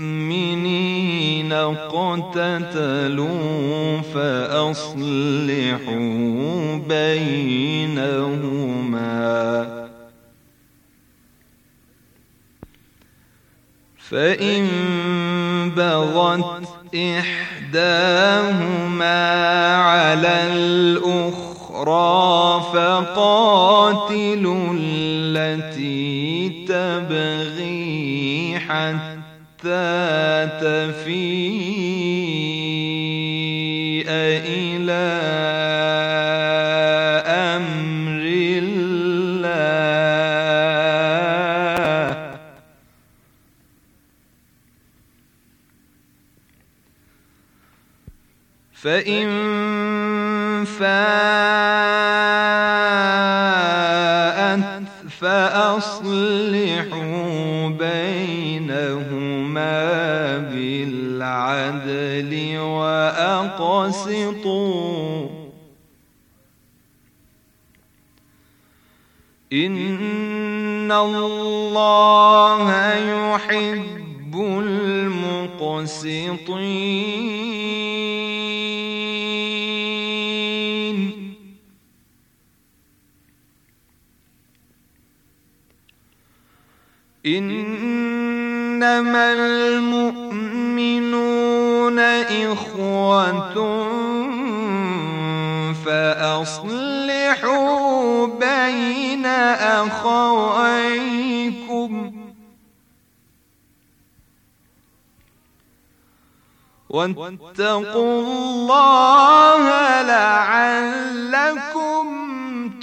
المؤمنين اقتتلوا فأصلحوا بينهما فإن بغت إحداهما على الأخرى فقاتلوا التي تبغي تفيء إلى أمر الله فإن فات العدل وأقسطوا إن الله يحب المقسطين إنما المؤمنين فأصلحوا بين أخويكم واتقوا الله لعلكم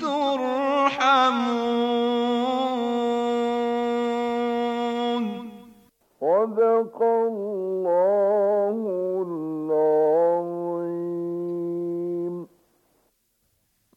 ترحمون صدق الله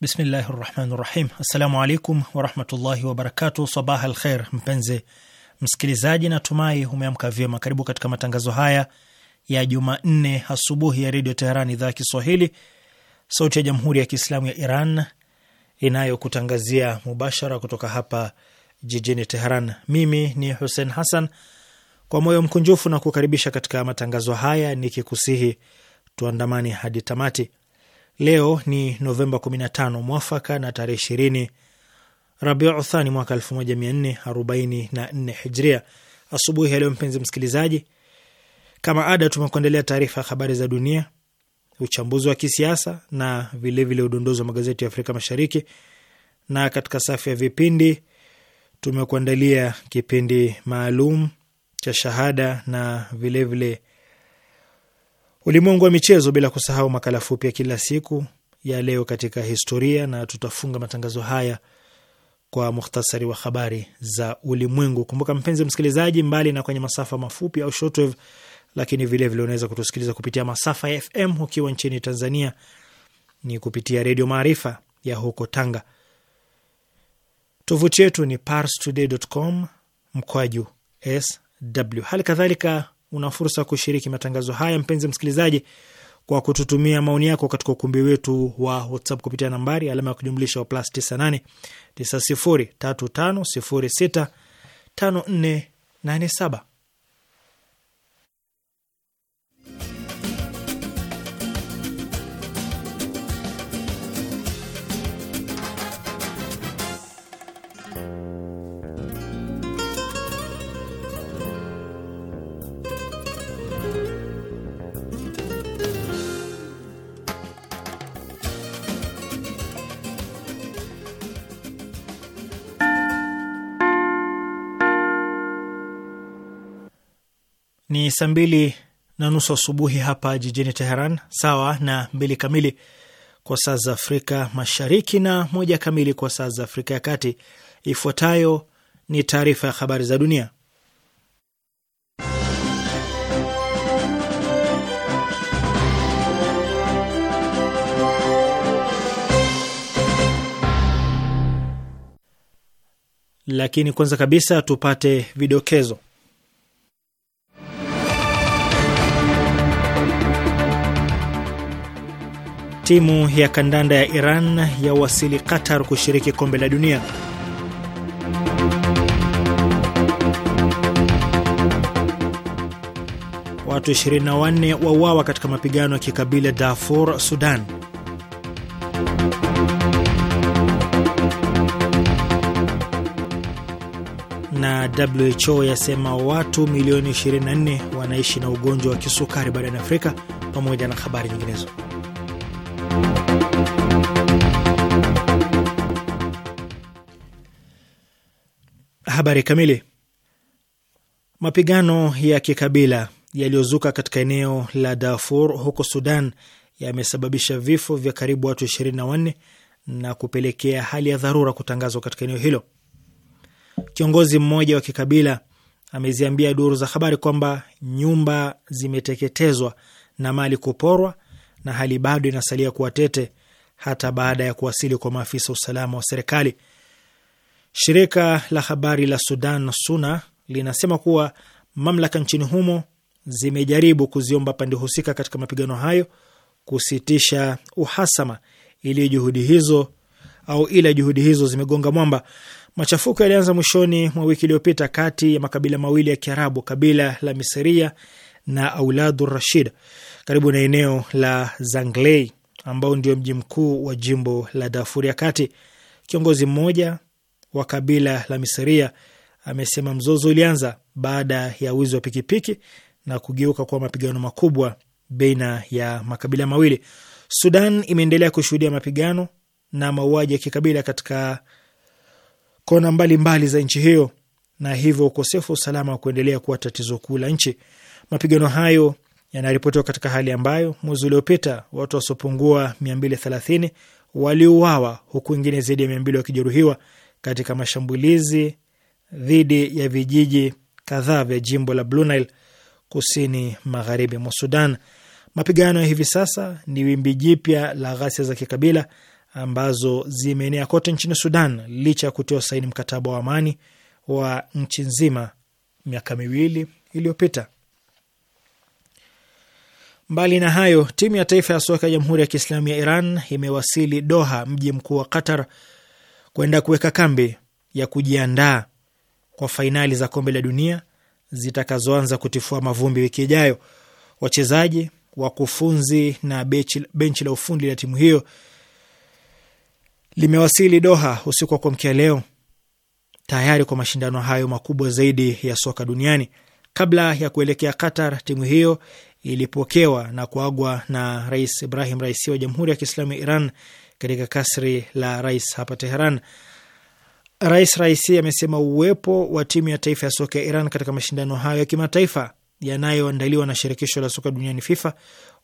Bismillahi rahmani rahim. Assalamu alaikum warahmatullahi wabarakatu. Sabah al kher, mpenzi msikilizaji, natumai umeamka vyema. Karibu katika matangazo haya ya Jumanne asubuhi ya Redio Teheran, idhaa ya Kiswahili, sauti ya Jamhuri ya Kiislamu ya Iran inayokutangazia mubashara kutoka hapa jijini Teheran. Mimi ni Hussein Hassan, kwa moyo mkunjufu na kukaribisha katika matangazo haya nikikusihi tuandamani hadi tamati. Leo ni Novemba 15 mwafaka na tarehe 20 Rabiu Thani mwaka 1444 Hijria. Asubuhi ya leo, mpenzi msikilizaji, kama ada, tumekuandalia taarifa ya habari za dunia, uchambuzi wa kisiasa na vilevile udondozi wa magazeti ya Afrika Mashariki, na katika safu ya vipindi tumekuandalia kipindi maalum cha shahada na vilevile vile ulimwengu wa michezo, bila kusahau makala fupi ya kila siku ya leo katika historia, na tutafunga matangazo haya kwa muhtasari wa habari za ulimwengu. Kumbuka mpenzi msikilizaji, mbali na kwenye masafa mafupi au shortwave, lakini vilevile unaweza kutusikiliza kupitia masafa ya FM ukiwa nchini Tanzania ni kupitia Redio Maarifa ya huko Tanga. Tovuti yetu ni parstoday.com mkwaju sw. Hali kadhalika una fursa ya kushiriki matangazo haya, mpenzi msikilizaji, kwa kututumia maoni yako katika ukumbi wetu wa WhatsApp kupitia nambari alama ya kujumlisha wa plus 98 90 35 06 5487. ni saa mbili na nusu asubuhi hapa jijini Teheran, sawa na mbili kamili kwa saa za Afrika Mashariki na moja kamili kwa saa za Afrika ya Kati. Ifuatayo ni taarifa ya habari za dunia, lakini kwanza kabisa tupate vidokezo Timu ya kandanda ya Iran ya wasili Qatar kushiriki kombe la dunia. Watu 24 wauawa katika mapigano ya kikabila Darfur, Sudan. Na WHO yasema watu milioni 24 wanaishi na ugonjwa wa kisukari barani Afrika pamoja na habari nyinginezo. Habari kamili. Mapigano ya kikabila yaliyozuka katika eneo la Darfur huko Sudan yamesababisha vifo vya karibu watu 24 na kupelekea hali ya dharura kutangazwa katika eneo hilo. Kiongozi mmoja wa kikabila ameziambia duru za habari kwamba nyumba zimeteketezwa na mali kuporwa na hali bado inasalia kuwa tete hata baada ya kuwasili kwa maafisa usalama wa serikali. Shirika la habari la Sudan Suna linasema kuwa mamlaka nchini humo zimejaribu kuziomba pande husika katika mapigano hayo kusitisha uhasama ili juhudi hizo au ila juhudi hizo zimegonga mwamba. Machafuko yalianza mwishoni mwa wiki iliyopita kati ya makabila mawili ya Kiarabu, kabila la Misiria na Auladu Rashid karibu na eneo la Zanglei ambao ndio mji mkuu wa jimbo la Darfur ya Kati. Kiongozi mmoja wa kabila la Misiria amesema mzozo ulianza baada ya wizi wa pikipiki na kugeuka kwa mapigano makubwa baina ya makabila mawili. Sudan imeendelea kushuhudia mapigano na mauaji ya kikabila katika kona mbalimbali mbali za nchi hiyo, na hivyo ukosefu wa usalama wa kuendelea kuwa tatizo kuu la nchi. Mapigano hayo yanaripotiwa katika hali ambayo mwezi uliopita watu wasiopungua 230 waliuawa huku wengine zaidi ya 200 wakijeruhiwa katika mashambulizi dhidi ya vijiji kadhaa vya jimbo la Blue Nile kusini magharibi mwa Sudan. Mapigano ya hivi sasa ni wimbi jipya la ghasia za kikabila ambazo zimeenea kote nchini Sudan licha ya kutoa saini mkataba wa amani wa nchi nzima miaka miwili iliyopita. Mbali na hayo, timu ya taifa ya soka ya Jamhuri ya Kiislamu ya Iran imewasili Doha, mji mkuu wa Qatar, kwenda kuweka kambi ya kujiandaa kwa fainali za kombe la dunia zitakazoanza kutifua mavumbi wiki ijayo. Wachezaji, wakufunzi na benchi la ufundi la timu hiyo limewasili Doha usiku wa kuamkia leo tayari kwa mashindano hayo makubwa zaidi ya soka duniani. Kabla ya kuelekea Qatar, timu hiyo ilipokewa na kuagwa na Rais Ibrahim Raisi wa Jamhuri ya Kiislamu ya Iran katika kasri la rais hapa Teheran. Rais Raisi amesema uwepo wa timu ya taifa ya soka ya Iran katika mashindano hayo ya kimataifa yanayoandaliwa na shirikisho la soka duniani FIFA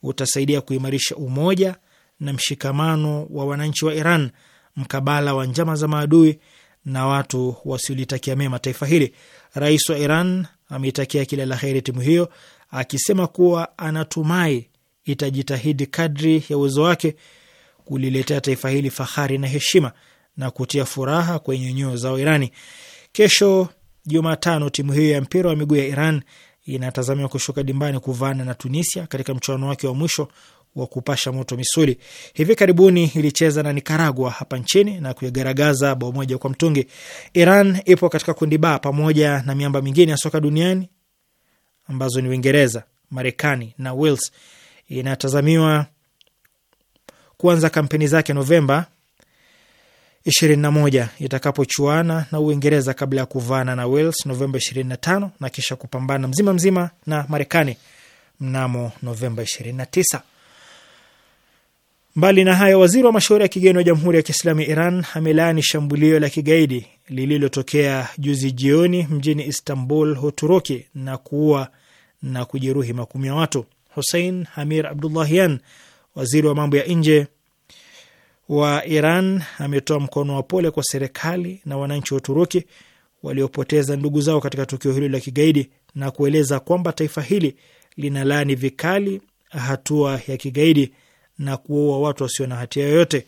utasaidia kuimarisha umoja na mshikamano wa wananchi wa Iran mkabala wa njama za maadui na watu wasiolitakia mema taifa hili. Rais wa Iran ameitakia kila la heri timu hiyo, akisema kuwa anatumai itajitahidi kadri ya uwezo wake kuliletea taifa hili fahari na heshima na kutia furaha kwenye nyoyo zao Irani. Kesho Jumatano, timu hiyo ya mpira wa miguu ya Iran inatazamiwa kushuka dimbani kuvana na Tunisia katika mchuano wake wa mwisho wa kupasha moto misuli. Hivi karibuni ilicheza na Nikaragua hapa nchini na kuigaragaza bao moja kwa mtungi. Iran ipo katika kundi ba pamoja na miamba mingine ya soka duniani ambazo ni Uingereza, Marekani na Wales. Inatazamiwa kuanza kampeni zake Novemba 21 itakapochuana na Uingereza kabla ya kuvaana na Wales Novemba 25 na kisha kupambana mzima mzima na Marekani mnamo Novemba 29. Mbali na hayo, waziri wa mashauri ya kigeni wa Jamhuri ya Kiislamu ya Iran amelaani shambulio la kigaidi lililotokea juzi jioni mjini Istanbul, Uturuki, na kuua na kujeruhi makumi ya watu. Hussein Hamir Abdullahian, waziri wa mambo ya nje wa Iran ametoa mkono wa pole kwa serikali na wananchi wa Uturuki waliopoteza ndugu zao katika tukio hilo la kigaidi na kueleza kwamba taifa hili linalaani vikali hatua ya kigaidi na kuua watu wasio na hatia yoyote.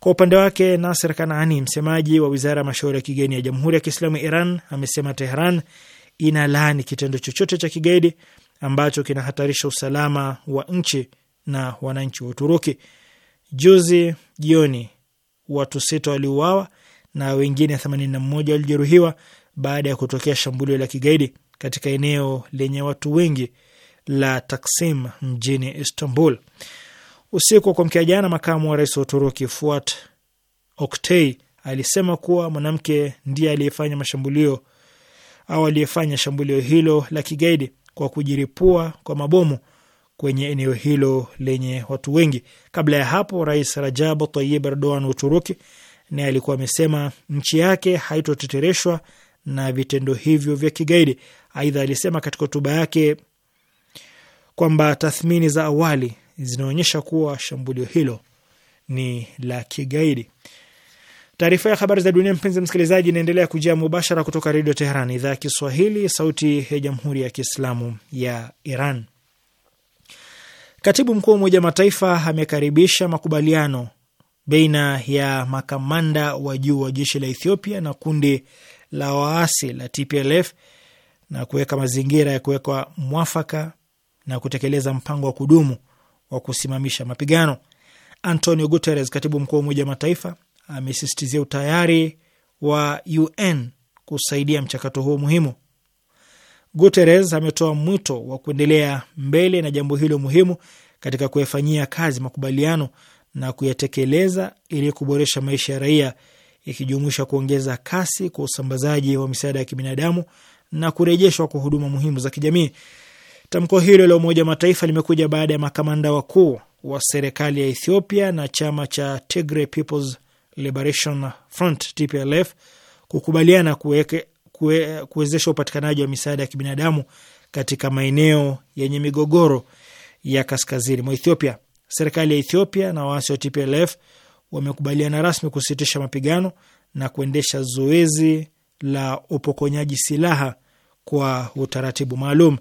Kwa upande wake, Nasser Kanaani, msemaji wa wizara ya mashauri ya kigeni ya Jamhuri ya Kiislamu ya Iran, amesema Tehran inalaani kitendo chochote cha kigaidi ambacho kinahatarisha usalama wa nchi na wananchi wa Uturuki. Juzi jioni watu sita waliuawa na wengine 81 walijeruhiwa baada ya kutokea shambulio la kigaidi katika eneo lenye watu wengi la Taksim mjini Istanbul. Usiku wa kuamkia jana, makamu wa rais wa Uturuki Fuat Oktay alisema kuwa mwanamke ndiye aliyefanya mashambulio au aliyefanya shambulio hilo la kigaidi kwa kujiripua kwa mabomu kwenye eneo hilo lenye watu wengi. Kabla ya hapo, Rais Rajab Tayib Erdogan wa Uturuki naye alikuwa amesema nchi yake haitotetereshwa na vitendo hivyo vya kigaidi. Aidha, alisema katika hotuba yake kwamba tathmini za awali zinaonyesha kuwa shambulio hilo ni la kigaidi. Taarifa ya habari za dunia, mpenzi msikilizaji, inaendelea kujia mubashara kutoka Redio Teheran, idhaa ya Kiswahili, sauti ya jamhuri ya kiislamu ya Iran. Katibu mkuu wa Umoja wa Mataifa amekaribisha makubaliano baina ya makamanda wa juu wa jeshi la Ethiopia na kundi la waasi la TPLF na kuweka mazingira ya kuwekwa mwafaka na kutekeleza mpango wa kudumu wa kusimamisha mapigano. Antonio Guterres, katibu mkuu wa Umoja wa Mataifa, amesisitizia utayari wa UN kusaidia mchakato huo muhimu. Guterres ametoa mwito wa kuendelea mbele na jambo hilo muhimu katika kuyafanyia kazi makubaliano na kuyatekeleza ili kuboresha maisha ya raia, ikijumuisha kuongeza kasi kwa usambazaji wa misaada ya kibinadamu na kurejeshwa kwa huduma muhimu za kijamii. Tamko hilo la Umoja wa Mataifa limekuja baada ya makamanda wakuu wa serikali ya Ethiopia na chama cha Tigray People's Liberation Front TPLF kukubaliana kuweke, kuwezesha upatikanaji wa misaada ya kibinadamu katika maeneo yenye migogoro ya kaskazini mwa Ethiopia. Serikali ya Ethiopia na waasi wa TPLF wamekubaliana rasmi kusitisha mapigano na kuendesha zoezi la upokonyaji silaha kwa utaratibu maalum.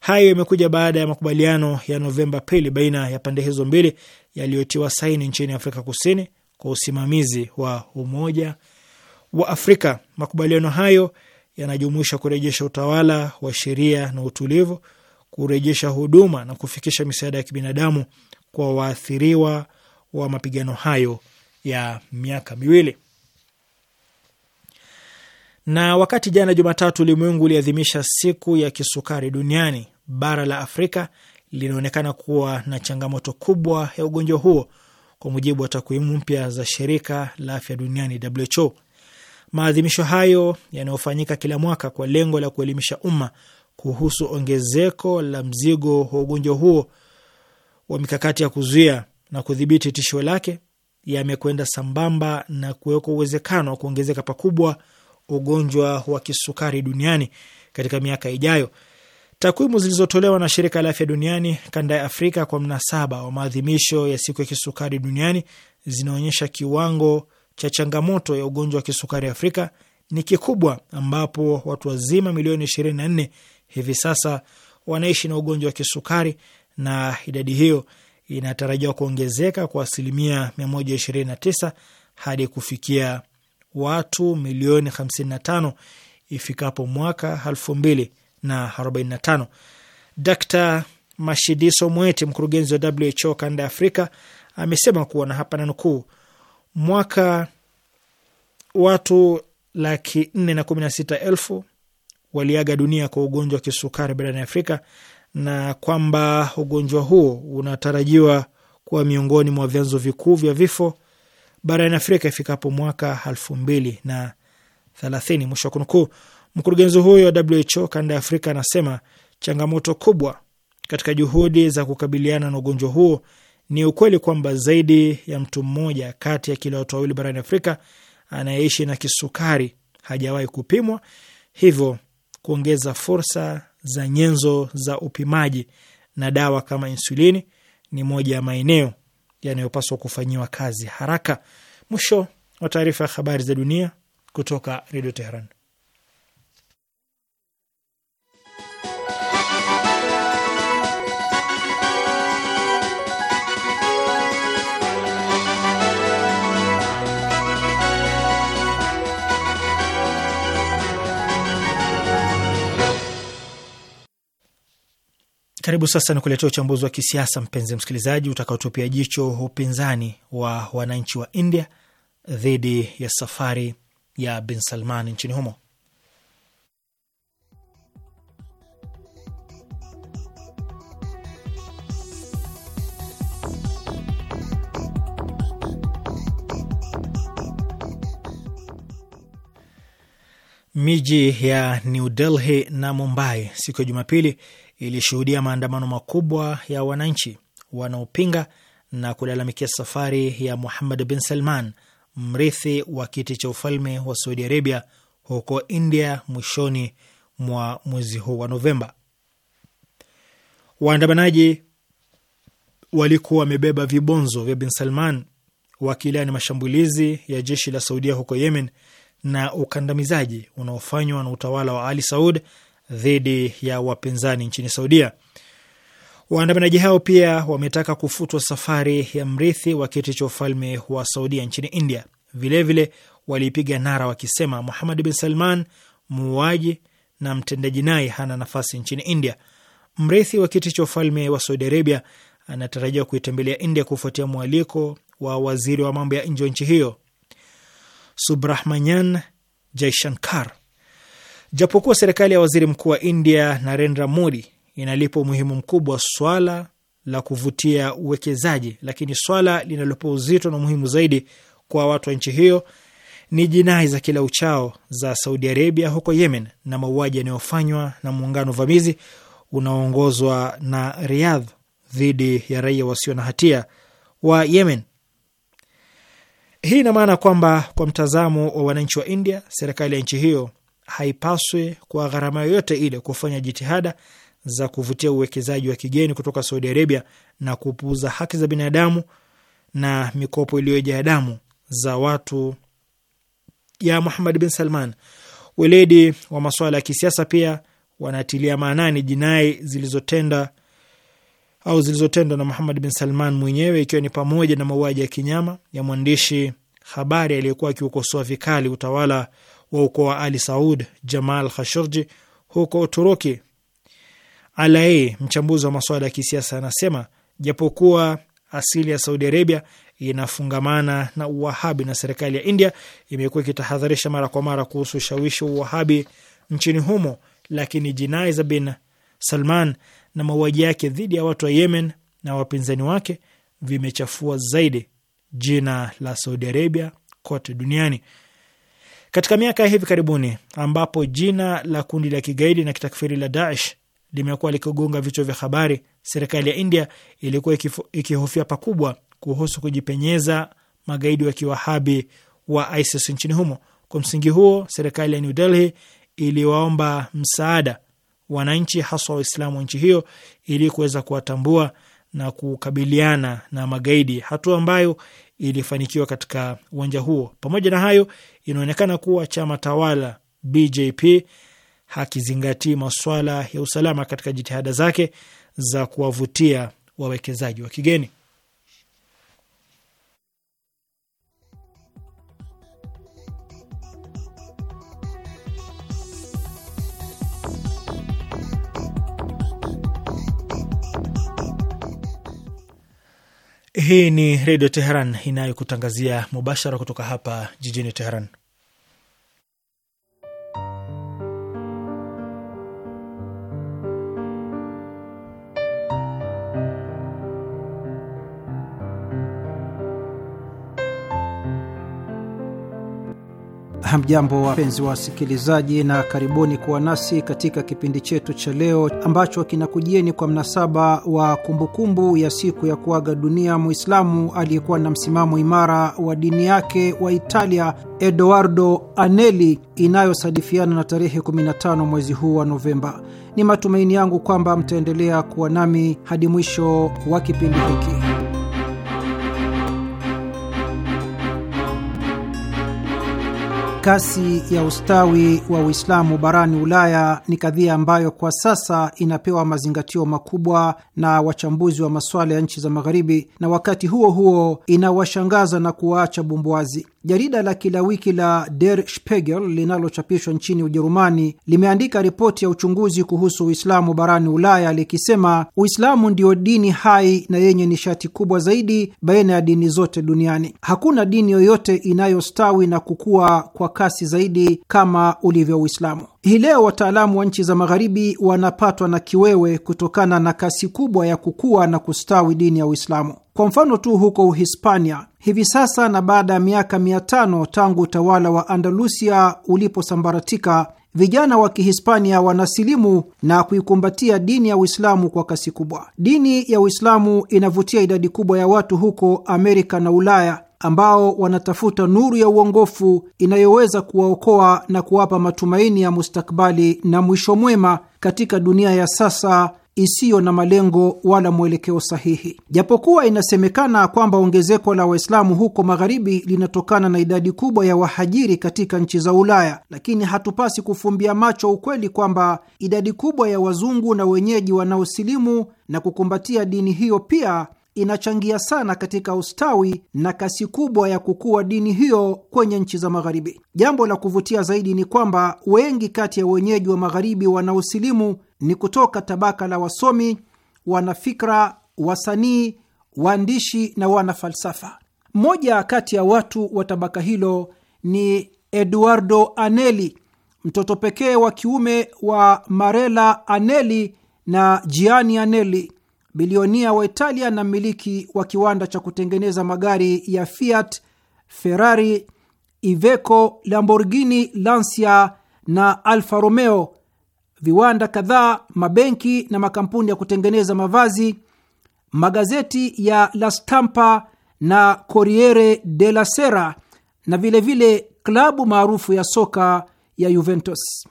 Hayo imekuja baada ya makubaliano ya Novemba pili baina ya pande hizo mbili yaliyotiwa saini nchini Afrika Kusini kwa usimamizi wa Umoja wa Afrika. Makubaliano hayo yanajumuisha kurejesha utawala wa sheria na utulivu, kurejesha huduma na kufikisha misaada ya kibinadamu kwa waathiriwa wa mapigano hayo ya miaka miwili. Na wakati jana Jumatatu ulimwengu uliadhimisha siku ya kisukari duniani, bara la Afrika linaonekana kuwa na changamoto kubwa ya ugonjwa huo, kwa mujibu wa takwimu mpya za shirika la afya duniani WHO. Maadhimisho hayo yanayofanyika kila mwaka kwa lengo la kuelimisha umma kuhusu ongezeko la mzigo wa ugonjwa huo wa mikakati ya kuzuia na kudhibiti tishio lake yamekwenda sambamba na kuwekwa uwezekano wa kuongezeka pakubwa ugonjwa wa kisukari duniani katika miaka ijayo. Takwimu zilizotolewa na shirika la afya duniani kanda ya Afrika kwa mnasaba wa maadhimisho ya siku ya kisukari duniani zinaonyesha kiwango cha changamoto ya ugonjwa wa kisukari Afrika ni kikubwa, ambapo watu wazima milioni 24 hivi sasa wanaishi na ugonjwa wa kisukari na idadi hiyo inatarajiwa kuongezeka kwa asilimia 129 hadi kufikia watu milioni 55 ifikapo mwaka 2045. Dr Mashidiso Mweti, mkurugenzi wa WHO kanda ya Afrika, amesema kuwa na hapa na nukuu mwaka watu laki nne na kumi na sita elfu waliaga dunia kwa ugonjwa wa kisukari barani Afrika na kwamba ugonjwa huo unatarajiwa kuwa miongoni mwa vyanzo vikuu vya vifo barani Afrika ifikapo mwaka elfu mbili na thelathini. Mwisho wa kunukuu. Mkurugenzi huyo wa WHO kanda ya Afrika anasema changamoto kubwa katika juhudi za kukabiliana na ugonjwa huo ni ukweli kwamba zaidi ya mtu mmoja kati ya kila watu wawili barani Afrika anayeishi na kisukari hajawahi kupimwa, hivyo kuongeza fursa za nyenzo za upimaji na dawa kama insulini ni moja ya maeneo yanayopaswa kufanyiwa kazi haraka. Mwisho wa taarifa ya habari za dunia kutoka Redio Teheran. Karibu sasa ni kuletea uchambuzi wa kisiasa mpenzi msikilizaji, utakaotupia jicho upinzani wa wananchi wa India dhidi ya safari ya Bin Salman nchini humo. Miji ya New Delhi na Mumbai siku ya Jumapili ilishuhudia maandamano makubwa ya wananchi wanaopinga na kulalamikia safari ya Muhammad bin Salman, mrithi wa kiti cha ufalme wa Saudi Arabia, huko India mwishoni mwa mwezi huu wa Novemba. Waandamanaji walikuwa wamebeba vibonzo vya bin Salman wakilaani mashambulizi ya jeshi la Saudia huko Yemen na ukandamizaji unaofanywa na utawala wa Ali Saud dhidi ya wapinzani nchini Saudia. Waandamanaji hao pia wametaka kufutwa safari ya mrithi wa kiti cha ufalme wa Saudia nchini India. Vilevile waliipiga nara wakisema Muhamad bin Salman, muuaji na mtendaji, naye hana nafasi nchini India. Mrithi wa kiti cha ufalme wa Saudi Arabia anatarajiwa kuitembelea India kufuatia mwaliko wa waziri wa mambo ya nje wa nchi hiyo Subrahmanyan Jaishankar Japokuwa serikali ya waziri mkuu wa India Narendra Modi inalipa umuhimu mkubwa swala la kuvutia uwekezaji, lakini swala linalopa uzito na umuhimu zaidi kwa watu wa nchi hiyo ni jinai za kila uchao za Saudi Arabia huko Yemen na mauaji yanayofanywa na muungano vamizi unaoongozwa na Riyadh dhidi ya raia wasio na hatia wa Yemen. Hii ina maana kwamba kwa mtazamo wa wananchi wa India, serikali ya nchi hiyo haipaswi kwa gharama yoyote ile kufanya jitihada za kuvutia uwekezaji wa kigeni kutoka Saudi Arabia na kupuuza haki za binadamu na mikopo iliyojaa damu za watu ya Muhammad bin Salman. Weledi wa masuala ya kisiasa pia wanatilia maanani jinai zilizotenda au zilizotendwa na Muhammad bin Salman mwenyewe ikiwa ni pamoja na mauaji ya kinyama ya mwandishi habari aliyekuwa akiukosoa vikali utawala wa ukoo wa Ali Saud Jamal Khashurji huko Uturuki. Alaei, mchambuzi wa masuala ya kisiasa, anasema japokuwa asili ya Saudi Arabia inafungamana na Uwahabi na serikali ya India imekuwa ikitahadharisha mara kwa mara kuhusu ushawishi wa Uwahabi nchini humo, lakini jinai za Bin Salman na mauaji yake dhidi ya watu wa Yemen na wapinzani wake vimechafua zaidi jina la Saudi Arabia kote duniani. Katika miaka ya hivi karibuni, ambapo jina la kundi la kigaidi na kitakfiri la Daesh limekuwa likigonga vichwa vya habari, serikali ya India ilikuwa ikihofia pakubwa kuhusu kujipenyeza magaidi wa kiwahabi wa ISIS nchini humo. Kwa msingi huo, serikali ya New Delhi iliwaomba msaada wananchi, haswa Waislamu wa nchi hiyo ili kuweza kuwatambua na kukabiliana na magaidi, hatua ambayo ilifanikiwa katika uwanja huo. Pamoja na hayo, inaonekana kuwa chama tawala BJP hakizingatii masuala ya usalama katika jitihada zake za kuwavutia wawekezaji wa kigeni. Hii ni Redio Teheran inayokutangazia mubashara kutoka hapa jijini Teheran. Hamjambo, wapenzi wa wasikilizaji, na karibuni kuwa nasi katika kipindi chetu cha leo ambacho kinakujieni kwa mnasaba wa kumbukumbu ya siku ya kuaga dunia Muislamu aliyekuwa na msimamo imara wa dini yake wa Italia, Edoardo aneli inayosadifiana na tarehe 15 mwezi huu wa Novemba. Ni matumaini yangu kwamba mtaendelea kuwa nami hadi mwisho wa kipindi hiki. Kasi ya ustawi wa Uislamu barani Ulaya ni kadhia ambayo kwa sasa inapewa mazingatio makubwa na wachambuzi wa masuala ya nchi za Magharibi, na wakati huo huo inawashangaza na kuwaacha bumbuazi. Jarida la kila wiki la Der Spiegel linalochapishwa nchini Ujerumani limeandika ripoti ya uchunguzi kuhusu Uislamu barani Ulaya likisema Uislamu ndio dini hai na yenye nishati kubwa zaidi baina ya dini zote duniani. Hakuna dini yoyote inayostawi na kukua kwa kasi zaidi kama ulivyo Uislamu. Hii leo wataalamu wa nchi za Magharibi wanapatwa na kiwewe kutokana na kasi kubwa ya kukua na kustawi dini ya Uislamu. Kwa mfano tu huko Uhispania hivi sasa na baada ya miaka mia tano tangu utawala wa Andalusia uliposambaratika, vijana wa Kihispania wanasilimu na kuikumbatia dini ya Uislamu kwa kasi kubwa. Dini ya Uislamu inavutia idadi kubwa ya watu huko Amerika na Ulaya ambao wanatafuta nuru ya uongofu inayoweza kuwaokoa na kuwapa matumaini ya mustakbali na mwisho mwema katika dunia ya sasa isiyo na malengo wala mwelekeo sahihi. Japokuwa inasemekana kwamba ongezeko la Waislamu huko magharibi linatokana na idadi kubwa ya wahajiri katika nchi za Ulaya, lakini hatupasi kufumbia macho ukweli kwamba idadi kubwa ya wazungu na wenyeji wanaosilimu na kukumbatia dini hiyo pia inachangia sana katika ustawi na kasi kubwa ya kukua dini hiyo kwenye nchi za magharibi. Jambo la kuvutia zaidi ni kwamba wengi kati ya wenyeji wa magharibi wanaosilimu ni kutoka tabaka la wasomi, wanafikra, wasanii, waandishi na wanafalsafa. Mmoja kati ya watu wa tabaka hilo ni Eduardo Anelli, mtoto pekee wa kiume wa Marella Anelli na Gianni Anelli, bilionia wa Italia na mmiliki wa kiwanda cha kutengeneza magari ya Fiat, Ferrari, Iveco, Lamborghini, Lancia na Alfa Romeo viwanda kadhaa, mabenki na makampuni ya kutengeneza mavazi, magazeti ya La Stampa na Corriere la Sera na vilevile vile klabu maarufu ya soka ya Juventus.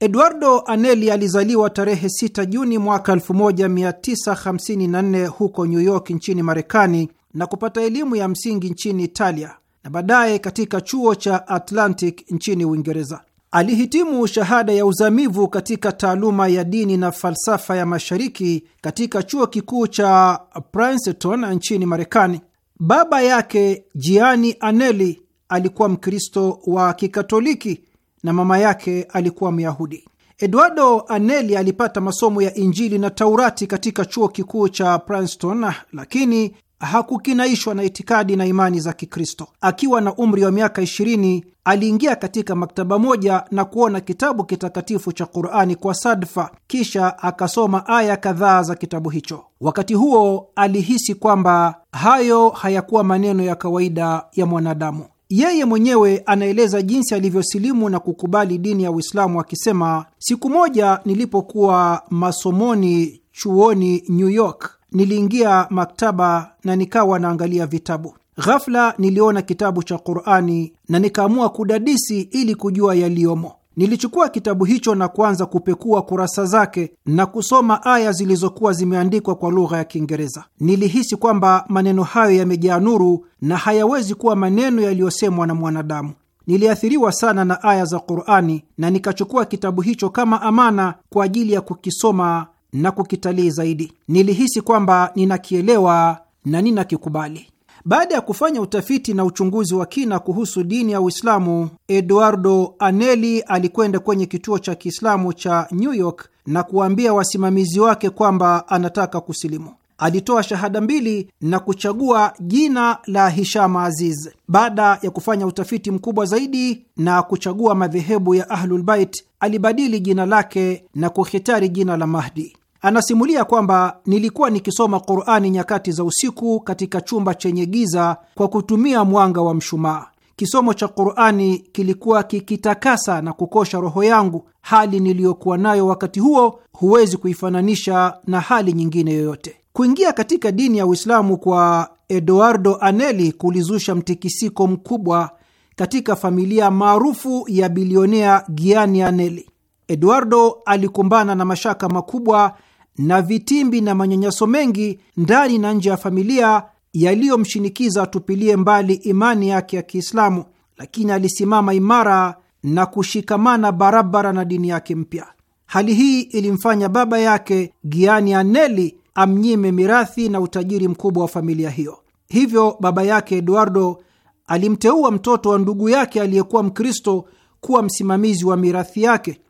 Eduardo Anelli alizaliwa tarehe 6 Juni mwaka 1954 huko New York nchini Marekani na kupata elimu ya msingi nchini Italia na baadaye katika chuo cha Atlantic nchini Uingereza. Alihitimu shahada ya uzamivu katika taaluma ya dini na falsafa ya Mashariki katika chuo kikuu cha Princeton nchini Marekani. Baba yake Gianni Anelli alikuwa Mkristo wa Kikatoliki na mama yake alikuwa Myahudi. Eduardo Anelli alipata masomo ya Injili na Taurati katika chuo kikuu cha Princeton, lakini hakukinaishwa na itikadi na imani za Kikristo. Akiwa na umri wa miaka ishirini aliingia katika maktaba moja na kuona kitabu kitakatifu cha Qurani kwa sadfa, kisha akasoma aya kadhaa za kitabu hicho. Wakati huo alihisi kwamba hayo hayakuwa maneno ya kawaida ya mwanadamu. Yeye mwenyewe anaeleza jinsi alivyosilimu na kukubali dini ya Uislamu akisema, siku moja nilipokuwa masomoni chuoni New York niliingia maktaba na nikawa naangalia vitabu. Ghafla niliona kitabu cha Qur'ani na nikaamua kudadisi ili kujua yaliyomo. Nilichukua kitabu hicho na kuanza kupekua kurasa zake na kusoma aya zilizokuwa zimeandikwa kwa lugha ya Kiingereza. Nilihisi kwamba maneno hayo yamejaa nuru na hayawezi kuwa maneno yaliyosemwa na mwanadamu. Niliathiriwa sana na aya za Qur'ani na nikachukua kitabu hicho kama amana kwa ajili ya kukisoma na kukitalii zaidi. Nilihisi kwamba ninakielewa na ninakikubali. Baada ya kufanya utafiti na uchunguzi wa kina kuhusu dini ya Uislamu, Eduardo aneli alikwenda kwenye kituo cha Kiislamu cha New York na kuwaambia wasimamizi wake kwamba anataka kusilimu. Alitoa shahada mbili na kuchagua jina la Hishama Aziz. Baada ya kufanya utafiti mkubwa zaidi na kuchagua madhehebu ya Ahlulbait, alibadili jina lake na kuhitari jina la Mahdi. Anasimulia kwamba nilikuwa nikisoma Qur'ani nyakati za usiku katika chumba chenye giza kwa kutumia mwanga wa mshumaa. Kisomo cha Qur'ani kilikuwa kikitakasa na kukosha roho yangu. Hali niliyokuwa nayo wakati huo huwezi kuifananisha na hali nyingine yoyote. Kuingia katika dini ya Uislamu kwa Eduardo Anelli kulizusha mtikisiko mkubwa katika familia maarufu ya bilionea Gianni Anelli. Eduardo alikumbana na mashaka makubwa na vitimbi na manyanyaso mengi ndani na nje ya familia yaliyomshinikiza atupilie mbali imani yake ya Kiislamu, lakini alisimama imara na kushikamana barabara na dini yake mpya. Hali hii ilimfanya baba yake giani aneli amnyime mirathi na utajiri mkubwa wa familia hiyo. Hivyo baba yake Eduardo alimteua mtoto wa ndugu yake aliyekuwa Mkristo kuwa msimamizi wa mirathi yake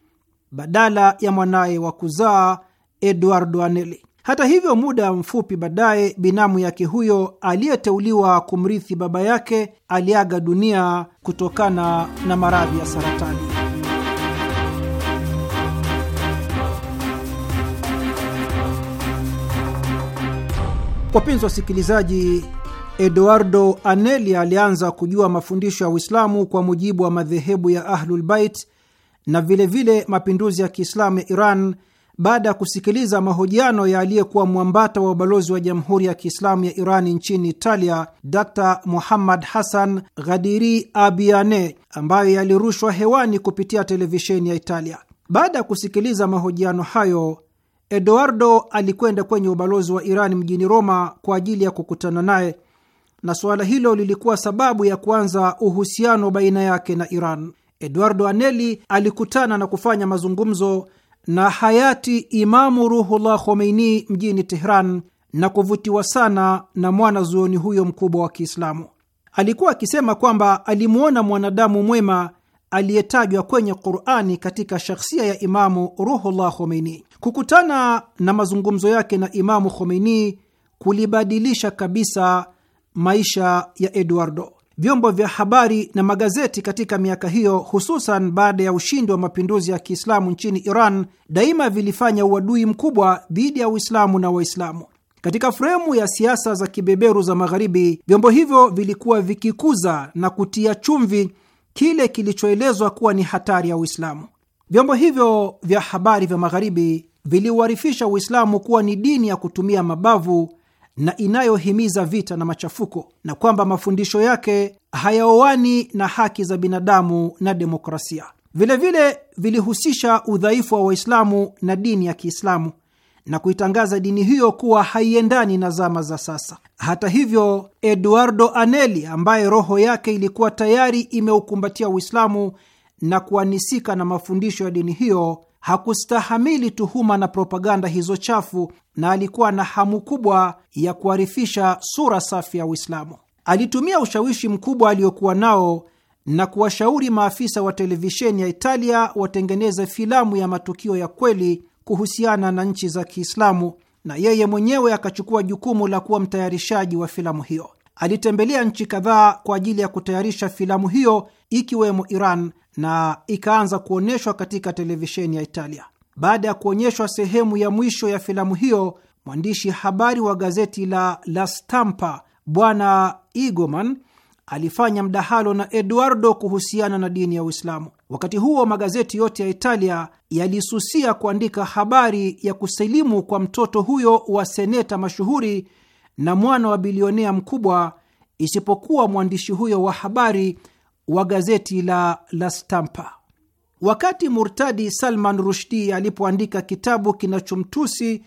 badala ya mwanaye wa kuzaa Eduardo Anelli. Hata hivyo, muda mfupi baadaye binamu yake huyo aliyeteuliwa kumrithi baba yake aliaga dunia kutokana na maradhi ya saratani. Wapenzi wasikilizaji, Eduardo Anelli alianza kujua mafundisho ya Uislamu kwa mujibu wa madhehebu ya Ahlulbait na vilevile vile mapinduzi ya Kiislamu ya Iran baada ya kusikiliza mahojiano ya aliyekuwa mwambata wa ubalozi wa Jamhuri ya Kiislamu ya Irani nchini Italia, Dr Muhammad Hassan Ghadiri Abiane, ambayo yalirushwa hewani kupitia televisheni ya Italia. Baada ya kusikiliza mahojiano hayo, Eduardo alikwenda kwenye ubalozi wa Irani mjini Roma kwa ajili ya kukutana naye, na suala hilo lilikuwa sababu ya kuanza uhusiano baina yake na Iran. Eduardo aneli alikutana na kufanya mazungumzo na hayati Imamu Ruhullah Khomeini mjini Tehran na kuvutiwa sana na mwanazuoni huyo mkubwa wa Kiislamu. Alikuwa akisema kwamba alimwona mwanadamu mwema aliyetajwa kwenye Qurani katika shakhsia ya Imamu Ruhullah Khomeini. Kukutana na mazungumzo yake na Imamu Khomeini kulibadilisha kabisa maisha ya Eduardo vyombo vya habari na magazeti katika miaka hiyo, hususan baada ya ushindi wa mapinduzi ya Kiislamu nchini Iran, daima vilifanya uadui mkubwa dhidi ya Uislamu na Waislamu. Katika fremu ya siasa za kibeberu za Magharibi, vyombo hivyo vilikuwa vikikuza na kutia chumvi kile kilichoelezwa kuwa ni hatari ya Uislamu. Vyombo hivyo vya habari vya Magharibi viliuharifisha Uislamu kuwa ni dini ya kutumia mabavu na inayohimiza vita na machafuko na kwamba mafundisho yake hayaoani na haki za binadamu na demokrasia. Vilevile vile vilihusisha udhaifu wa Waislamu na dini ya Kiislamu na kuitangaza dini hiyo kuwa haiendani na zama za sasa. Hata hivyo, Eduardo Anelli ambaye roho yake ilikuwa tayari imeukumbatia Uislamu na kuanisika na mafundisho ya dini hiyo hakustahamili tuhuma na propaganda hizo chafu na alikuwa na hamu kubwa ya kuharifisha sura safi ya Uislamu. Alitumia ushawishi mkubwa aliokuwa nao na kuwashauri maafisa wa televisheni ya Italia watengeneze filamu ya matukio ya kweli kuhusiana na nchi za Kiislamu, na yeye mwenyewe akachukua jukumu la kuwa mtayarishaji wa filamu hiyo. Alitembelea nchi kadhaa kwa ajili ya kutayarisha filamu hiyo, ikiwemo Iran na ikaanza kuonyeshwa katika televisheni ya Italia. Baada ya kuonyeshwa sehemu ya mwisho ya filamu hiyo, mwandishi habari wa gazeti la La Stampa Bwana Igoman alifanya mdahalo na Eduardo kuhusiana na dini ya Uislamu. Wakati huo magazeti yote ya Italia yalisusia kuandika habari ya kusilimu kwa mtoto huyo wa seneta mashuhuri na mwana wa bilionea mkubwa, isipokuwa mwandishi huyo wa habari wa gazeti la La Stampa. Wakati murtadi Salman Rushdi alipoandika kitabu kinachomtusi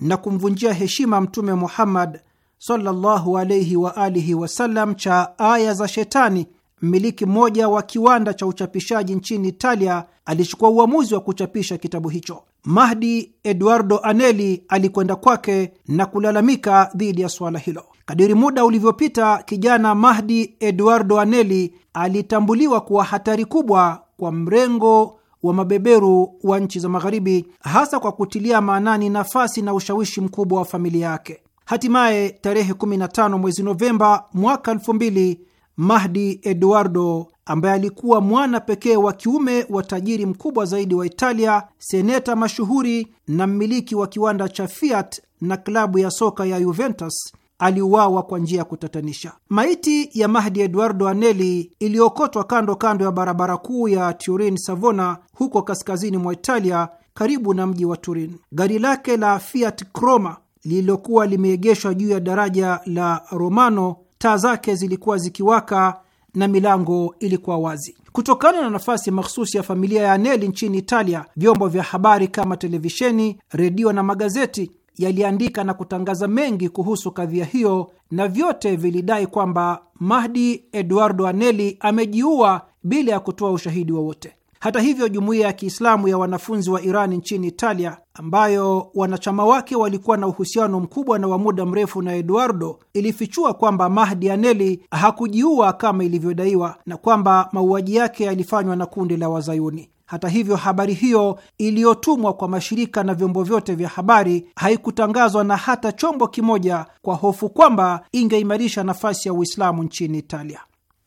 na kumvunjia heshima Mtume Muhammad sallallahu alayhi wa alihi wasallam cha Aya za Shetani, mmiliki mmoja wa kiwanda cha uchapishaji nchini Italia alichukua uamuzi wa kuchapisha kitabu hicho. Mahdi Eduardo Anelli alikwenda kwake na kulalamika dhidi ya suala hilo. Kadiri muda ulivyopita, kijana Mahdi Eduardo Anelli alitambuliwa kuwa hatari kubwa kwa mrengo wa mabeberu wa nchi za Magharibi, hasa kwa kutilia maanani nafasi na ushawishi mkubwa wa familia yake. Hatimaye tarehe 15 mwezi Novemba mwaka 2000 Mahdi Eduardo ambaye alikuwa mwana pekee wa kiume wa tajiri mkubwa zaidi wa Italia, seneta mashuhuri na mmiliki wa kiwanda cha Fiat na klabu ya soka ya Juventus aliuawa kwa njia ya kutatanisha. Maiti ya Mahdi Eduardo Anelli iliyokotwa kando kando ya barabara kuu ya Turin Savona, huko kaskazini mwa Italia, karibu na mji wa Turin. Gari lake la Fiat Croma lililokuwa limeegeshwa juu ya daraja la Romano taa zake zilikuwa zikiwaka na milango ilikuwa wazi. Kutokana na nafasi mahsusi ya familia ya Aneli nchini Italia, vyombo vya habari kama televisheni, redio na magazeti yaliandika na kutangaza mengi kuhusu kadhia hiyo, na vyote vilidai kwamba Mahdi Eduardo Aneli amejiua bila ya kutoa ushahidi wowote. Hata hivyo, jumuiya ya Kiislamu ya wanafunzi wa Iran nchini Italia, ambayo wanachama wake walikuwa na uhusiano mkubwa na wa muda mrefu na Eduardo, ilifichua kwamba Mahdi Aneli hakujiua kama ilivyodaiwa na kwamba mauaji yake yalifanywa na kundi la Wazayuni. Hata hivyo, habari hiyo iliyotumwa kwa mashirika na vyombo vyote vya habari haikutangazwa na hata chombo kimoja, kwa hofu kwamba ingeimarisha nafasi ya Uislamu nchini Italia.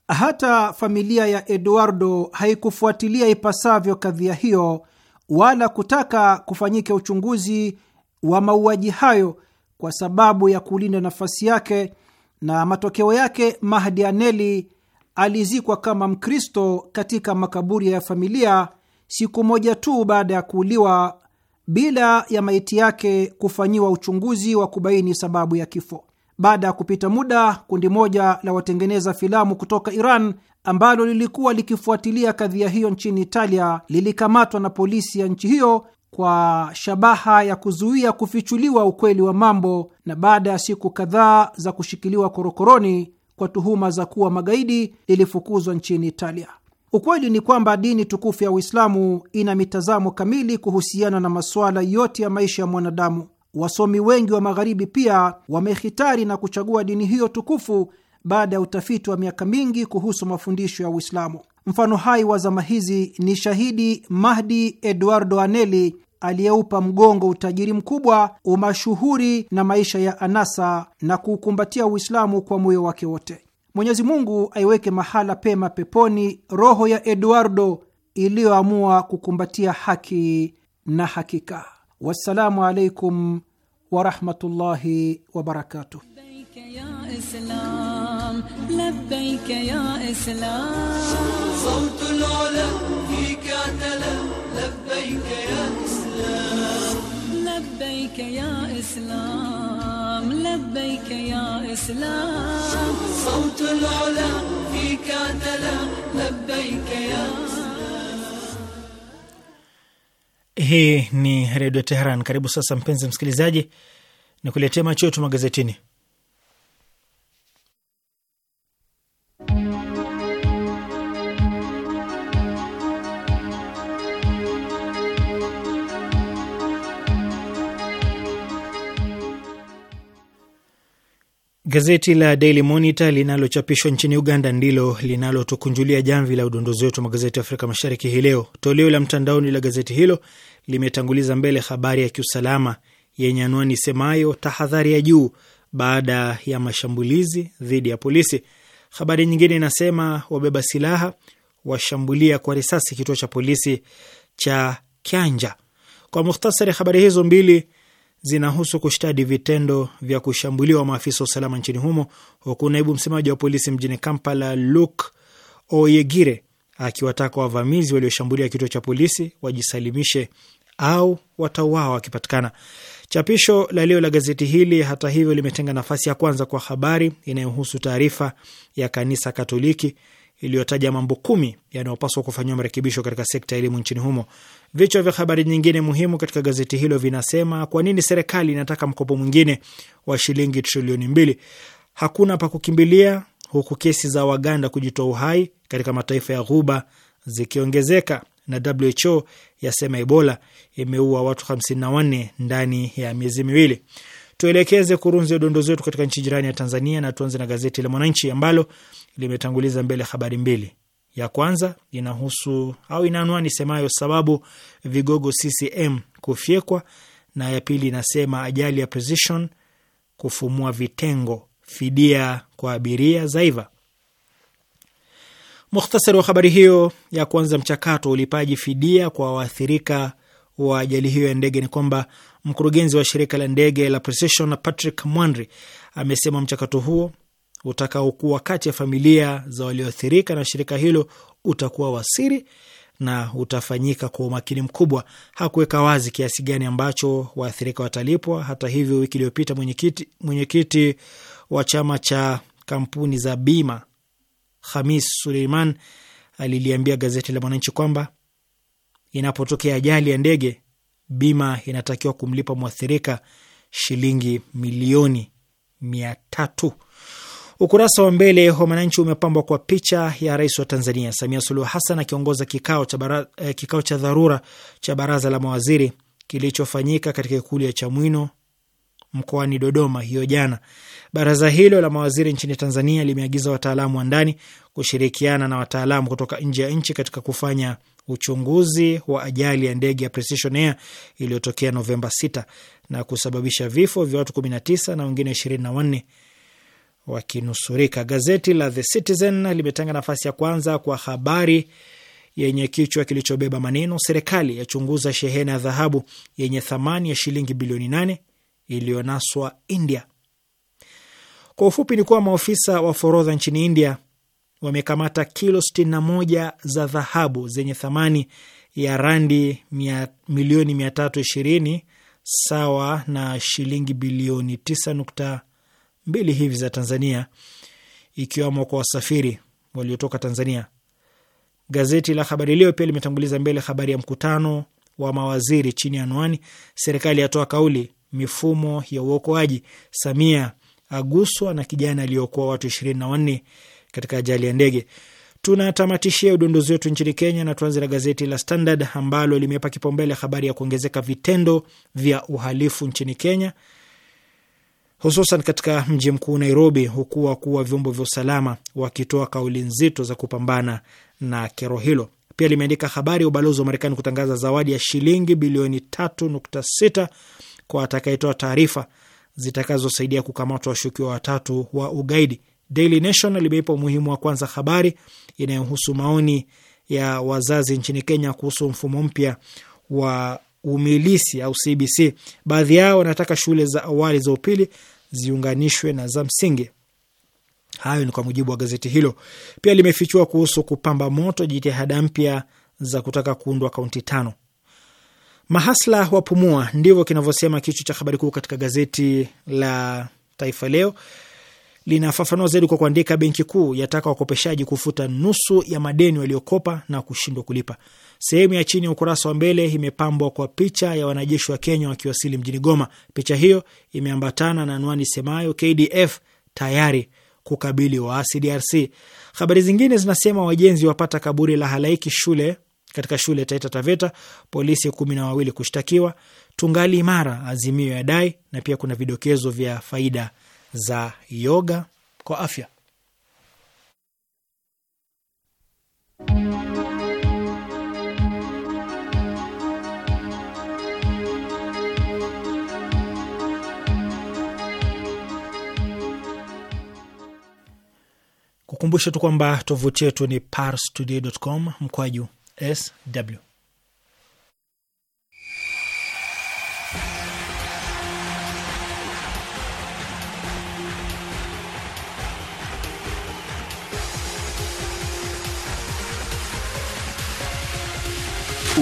Hata familia ya Eduardo haikufuatilia ipasavyo kadhia hiyo wala kutaka kufanyika uchunguzi wa mauaji hayo kwa sababu ya kulinda nafasi yake, na matokeo yake Mahdi Aneli alizikwa kama Mkristo katika makaburi ya familia siku moja tu baada ya kuuliwa bila ya maiti yake kufanyiwa uchunguzi wa kubaini sababu ya kifo. Baada ya kupita muda, kundi moja la watengeneza filamu kutoka Iran ambalo lilikuwa likifuatilia kadhia hiyo nchini Italia lilikamatwa na polisi ya nchi hiyo kwa shabaha ya kuzuia kufichuliwa ukweli wa mambo, na baada ya siku kadhaa za kushikiliwa korokoroni kwa tuhuma za kuwa magaidi lilifukuzwa nchini Italia. Ukweli ni kwamba dini tukufu ya Uislamu ina mitazamo kamili kuhusiana na masuala yote ya maisha ya mwanadamu. Wasomi wengi wa Magharibi pia wamehitari na kuchagua dini hiyo tukufu baada ya utafiti wa miaka mingi kuhusu mafundisho ya Uislamu. Mfano hai wa zama hizi ni shahidi Mahdi Eduardo Anelli aliyeupa mgongo utajiri mkubwa, umashuhuri na maisha ya anasa na kuukumbatia Uislamu kwa moyo wake wote. Mwenyezi Mungu aiweke mahala pema peponi roho ya Eduardo iliyoamua kukumbatia haki na hakika. والسلام عليكم ورحمة الله وبركاته لبيك يا إسلام لبيك يا إسلام صوت العلا فيك اعتلى لبيك يا إسلام لبيك يا إسلام لبيك يا إسلام صوت العلا فيك اعتلى لبيك يا إسلام Hii ni Redio Teheran. Karibu sasa, mpenzi msikilizaji, ni kuletea macho yetu magazetini. Gazeti la Daily Monitor linalochapishwa nchini Uganda ndilo linalotukunjulia jamvi la udondozi wetu wa magazeti ya Afrika Mashariki hii leo. Toleo la mtandaoni la gazeti hilo limetanguliza mbele habari ya kiusalama yenye anwani semayo tahadhari ya juu baada ya mashambulizi dhidi ya polisi. Habari nyingine inasema wabeba silaha washambulia kwa risasi kituo cha polisi cha Kyanja. Kwa muhtasari, habari hizo mbili zinahusu kushtadi vitendo vya kushambuliwa maafisa wa usalama nchini humo, huku naibu msemaji wa polisi mjini Kampala Luke Oyegire akiwataka wavamizi walioshambulia kituo cha polisi wajisalimishe au watauawa wakipatikana. Chapisho la leo la gazeti hili hata hivyo limetenga nafasi ya kwanza kwa habari inayohusu taarifa ya kanisa Katoliki iliyotaja mambo kumi yanayopaswa kufanyiwa marekebisho katika sekta ya elimu nchini humo. Vichwa vya habari nyingine muhimu katika gazeti hilo vinasema: kwa nini serikali inataka mkopo mwingine wa shilingi trilioni mbili? Hakuna pa kukimbilia, huku kesi za Waganda kujitoa uhai katika mataifa ya Ghuba zikiongezeka, na WHO yasema Ebola imeua watu 54 ndani ya miezi miwili. Tuelekeze kurunzi dondo zetu katika nchi jirani ya Tanzania na tuanze na gazeti la Mwananchi ambalo limetanguliza mbele habari mbili. Ya kwanza inahusu au ina anwani semayo sababu vigogo CCM kufyekwa, na ya pili inasema ajali ya Precision kufumua vitengo, fidia kwa abiria zaiva. Mukhtasari wa habari hiyo ya kwanza, mchakato wa ulipaji fidia kwa waathirika wa ajali hiyo ya ndege ni kwamba Mkurugenzi wa shirika la ndege la Precision Patrick Mwandri amesema mchakato huo utakaokuwa kati ya familia za walioathirika na shirika hilo utakuwa wasiri na utafanyika kwa umakini mkubwa. Hakuweka wazi kiasi gani ambacho waathirika watalipwa. Hata hivyo, wiki iliyopita mwenyekiti mwenyekiti wa chama cha kampuni za bima Hamis Suleiman aliliambia gazeti la Mwananchi kwamba inapotokea ajali ya ndege bima inatakiwa kumlipa mwathirika shilingi milioni mia tatu. Ukurasa wa mbele wa Mwananchi umepambwa kwa picha ya rais wa Tanzania Samia Suluhu Hassan akiongoza kikao cha eh, kikao cha dharura cha baraza la mawaziri kilichofanyika katika ikulu ya Chamwino mkoani Dodoma hiyo jana. Baraza hilo la mawaziri nchini Tanzania limeagiza wataalamu wa ndani kushirikiana na wataalamu kutoka nje ya nchi katika kufanya uchunguzi wa ajali ya ndege ya Precision Air iliyotokea Novemba 6 na kusababisha vifo vya watu 19 na wengine 24 wakinusurika. Gazeti la The Citizen limetanga nafasi ya kwanza kwa habari yenye kichwa kilichobeba maneno serikali yachunguza shehena ya dhahabu yenye thamani ya shilingi bilioni nane iliyonaswa India. Kwa ufupi ni kuwa maofisa wa forodha nchini India wamekamata kilo 61 za dhahabu zenye thamani ya randi mia, milioni 320 sawa na shilingi bilioni 9.2 hivi za Tanzania, ikiwamo kwa wasafiri waliotoka Tanzania. Gazeti la Habari Leo pia limetanguliza mbele habari ya mkutano wa mawaziri chini ya anwani serikali yatoa kauli mifumo ya uokoaji, Samia aguswa na kijana aliyokuwa watu ishirini na wanne katika ajali ya ndege. Tunatamatishia udondozi wetu nchini Kenya na tuanze na gazeti la Standard ambalo limeipa kipaumbele habari ya kuongezeka vitendo vya uhalifu nchini Kenya, hususan katika mji mkuu Nairobi, huku wakuu wa vyombo vya usalama wakitoa kauli nzito za kupambana na kero hilo. Pia limeandika habari ya ubalozi wa Marekani kutangaza zawadi ya shilingi bilioni 3.6 kwa atakayetoa taarifa zitakazosaidia kukamatwa washukiwa watatu wa ugaidi. Daily Nation limeipa umuhimu wa kwanza habari inayohusu maoni ya wazazi nchini Kenya kuhusu mfumo mpya wa umilisi au CBC. Baadhi yao wanataka shule za awali za upili ziunganishwe na za msingi. Hayo ni kwa mujibu wa gazeti hilo. Pia limefichua kuhusu kupamba moto jitihada mpya za kutaka kuundwa kaunti tano. Mahasla wapumua, ndivyo kinavyosema kichwa cha habari kuu katika gazeti la Taifa Leo linafafanua zaidi kwa kuandika, benki kuu yataka wakopeshaji kufuta nusu ya madeni waliokopa na kushindwa kulipa. Sehemu ya chini ya ukurasa wa mbele imepambwa kwa picha ya wanajeshi wa Kenya wakiwasili mjini Goma. Picha hiyo imeambatana na anwani semayo KDF tayari kukabili waasi DRC. Habari zingine zinasema wajenzi wapata kaburi la halaiki shule katika shule Taita Taveta, polisi kumi na wawili kushtakiwa, tungali imara, azimio ya dai, na pia kuna vidokezo vya faida za yoga kwa afya. Kukumbusha tu kwamba tovuti yetu ni parstoday.com mkwaju sw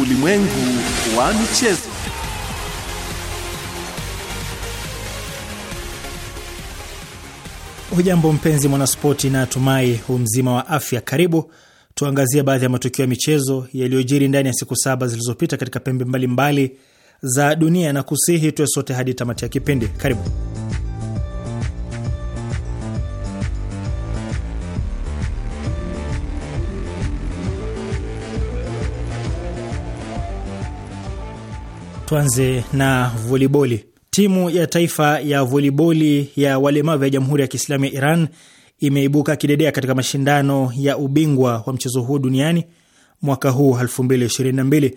ulimwengu wa michezo. Hujambo mpenzi mwanaspoti, na tumai hu mzima wa afya. Karibu tuangazie baadhi ya matukio ya michezo yaliyojiri ndani ya siku saba zilizopita katika pembe mbalimbali mbali za dunia, na kusihi tuwe sote hadi tamati ya kipindi. Karibu. Tuanze na voliboli. Timu ya taifa ya voliboli ya walemavu ya Jamhuri ya Kiislamu ya Iran imeibuka kidedea katika mashindano ya ubingwa wa mchezo huu duniani mwaka huu 2022.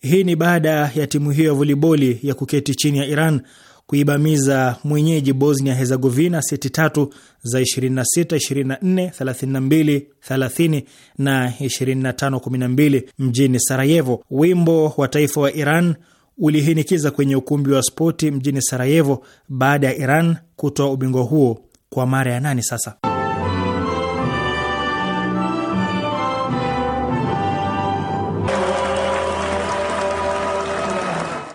Hii ni baada ya timu hiyo ya voliboli ya kuketi chini ya Iran kuibamiza mwenyeji Bosnia Herzegovina seti tatu za 26 24 32 30 na 25 12 mjini Sarajevo. Wimbo wa taifa wa Iran ulihinikiza kwenye ukumbi wa spoti mjini Sarajevo baada ya Iran kutoa ubingwa huo kwa mara ya nane sasa.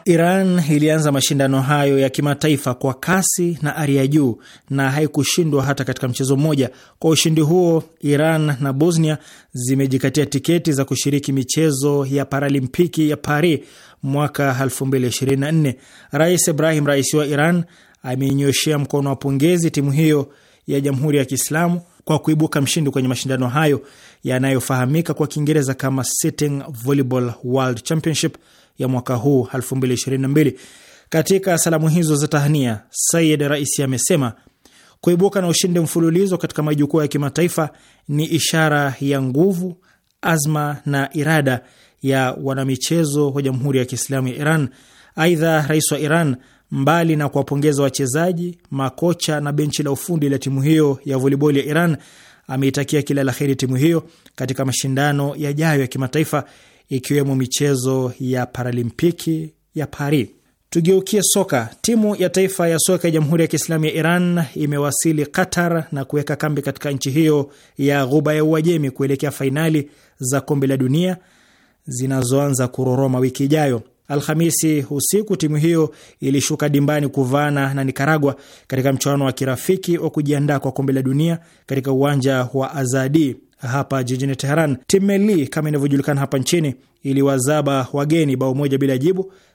Iran ilianza mashindano hayo ya kimataifa kwa kasi na ari ya juu na haikushindwa hata katika mchezo mmoja. Kwa ushindi huo, Iran na Bosnia zimejikatia tiketi za kushiriki michezo ya Paralimpiki ya Paris mwaka 2024. Rais Ibrahim Raisi wa Iran ameinyoshea mkono wa pongezi timu hiyo ya Jamhuri ya Kiislamu kwa kuibuka mshindi kwenye mashindano hayo yanayofahamika kwa Kiingereza kama Sitting Volleyball World Championship ya mwaka huu 2022. Katika salamu hizo za tahania, Sayid Raisi amesema kuibuka na ushindi mfululizo katika majukwaa ya kimataifa ni ishara ya nguvu, azma na irada ya wanamichezo wa Jamhuri ya Kiislamu ya Iran. Aidha, rais wa Iran mbali na kuwapongeza wachezaji, makocha na benchi la ufundi la timu hiyo ya voliboli ya Iran ameitakia kila la heri timu hiyo katika mashindano yajayo ya kimataifa ikiwemo michezo ya paralimpiki ya Paris. Tugeukie soka. Timu ya taifa ya soka ya Jamhuri ya Kiislamu ya Iran imewasili Qatar na kuweka kambi katika nchi hiyo ya Ghuba ya Uajemi kuelekea fainali za kombe la dunia zinazoanza kuroroma wiki ijayo. Alhamisi usiku timu hiyo ilishuka dimbani kuvaana na Nikaragua katika mchuano wa kirafiki wa kujiandaa kwa kombe la dunia katika uwanja wa Azadi hapa jijini Teheran. Timu Meli, kama inavyojulikana hapa nchini, iliwazaba wageni bao moja bila jibu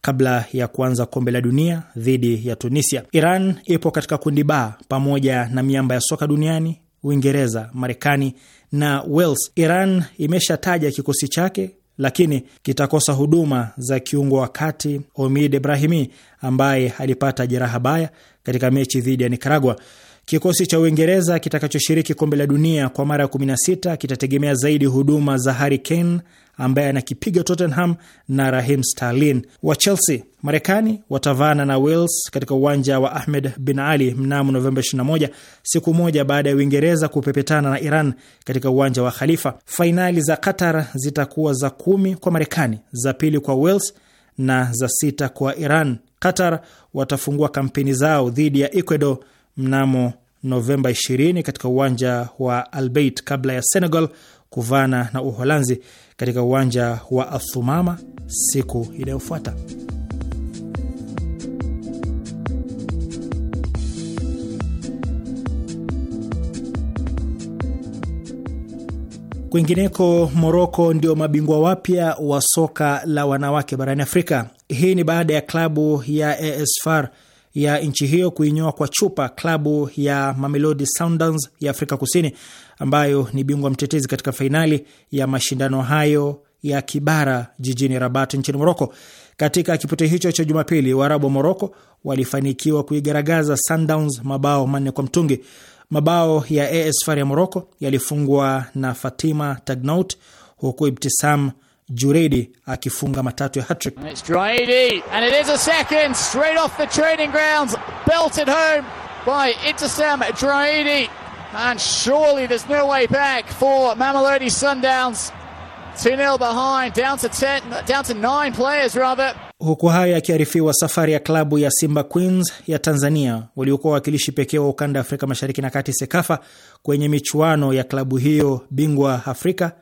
kabla ya kuanza kombe la dunia dhidi ya Tunisia. Iran ipo katika kundi ba pamoja na miamba ya soka duniani Uingereza, Marekani na Wales. Iran imeshataja kikosi chake lakini kitakosa huduma za kiungo wa kati Omid Brahimi ambaye alipata jeraha baya katika mechi dhidi ya nikaragua Kikosi cha Uingereza kitakachoshiriki kombe la dunia kwa mara ya 16 kitategemea zaidi huduma za Harry Kane ambaye anakipiga Tottenham na Raheem Sterling wa Chelsea. Marekani watavana na Wales katika uwanja wa Ahmed bin Ali mnamo Novemba 21, siku moja baada ya Uingereza kupepetana na Iran katika uwanja wa Khalifa. Fainali za Qatar zitakuwa za kumi kwa Marekani, za pili kwa Wales na za sita kwa Iran. Qatar watafungua kampeni zao dhidi ya Ecuador mnamo Novemba 20 katika uwanja wa Albeit kabla ya Senegal kuvana na Uholanzi katika uwanja wa Athumama siku inayofuata. Kwingineko, Moroko ndio mabingwa wapya wa soka la wanawake barani Afrika. Hii ni baada ya klabu ya AS FAR ya nchi hiyo kuinyoa kwa chupa klabu ya Mamelodi Sundowns ya Afrika Kusini ambayo ni bingwa mtetezi katika fainali ya mashindano hayo ya kibara jijini Rabat nchini Moroko. Katika kipute hicho cha Jumapili, Waarabu wa Moroko walifanikiwa kuigaragaza Sundowns mabao manne kwa mtungi. Mabao ya AS FAR ya Moroko yalifungwa na Fatima Tagnout huku Ibtisam Juredi akifunga matatu ya hat It's Juredi and it is a second straight off the training grounds belted home by Juredi and surely there's no way back for Mamelodi Sundowns 2-0 behind down to 10 down to 9 players rather huku haya yakiarifiwa, safari ya klabu ya Simba Queens ya Tanzania waliokuwa wawakilishi pekee wa ukanda Afrika Mashariki na Kati, SEKAFA, kwenye michuano ya klabu hiyo bingwa Afrika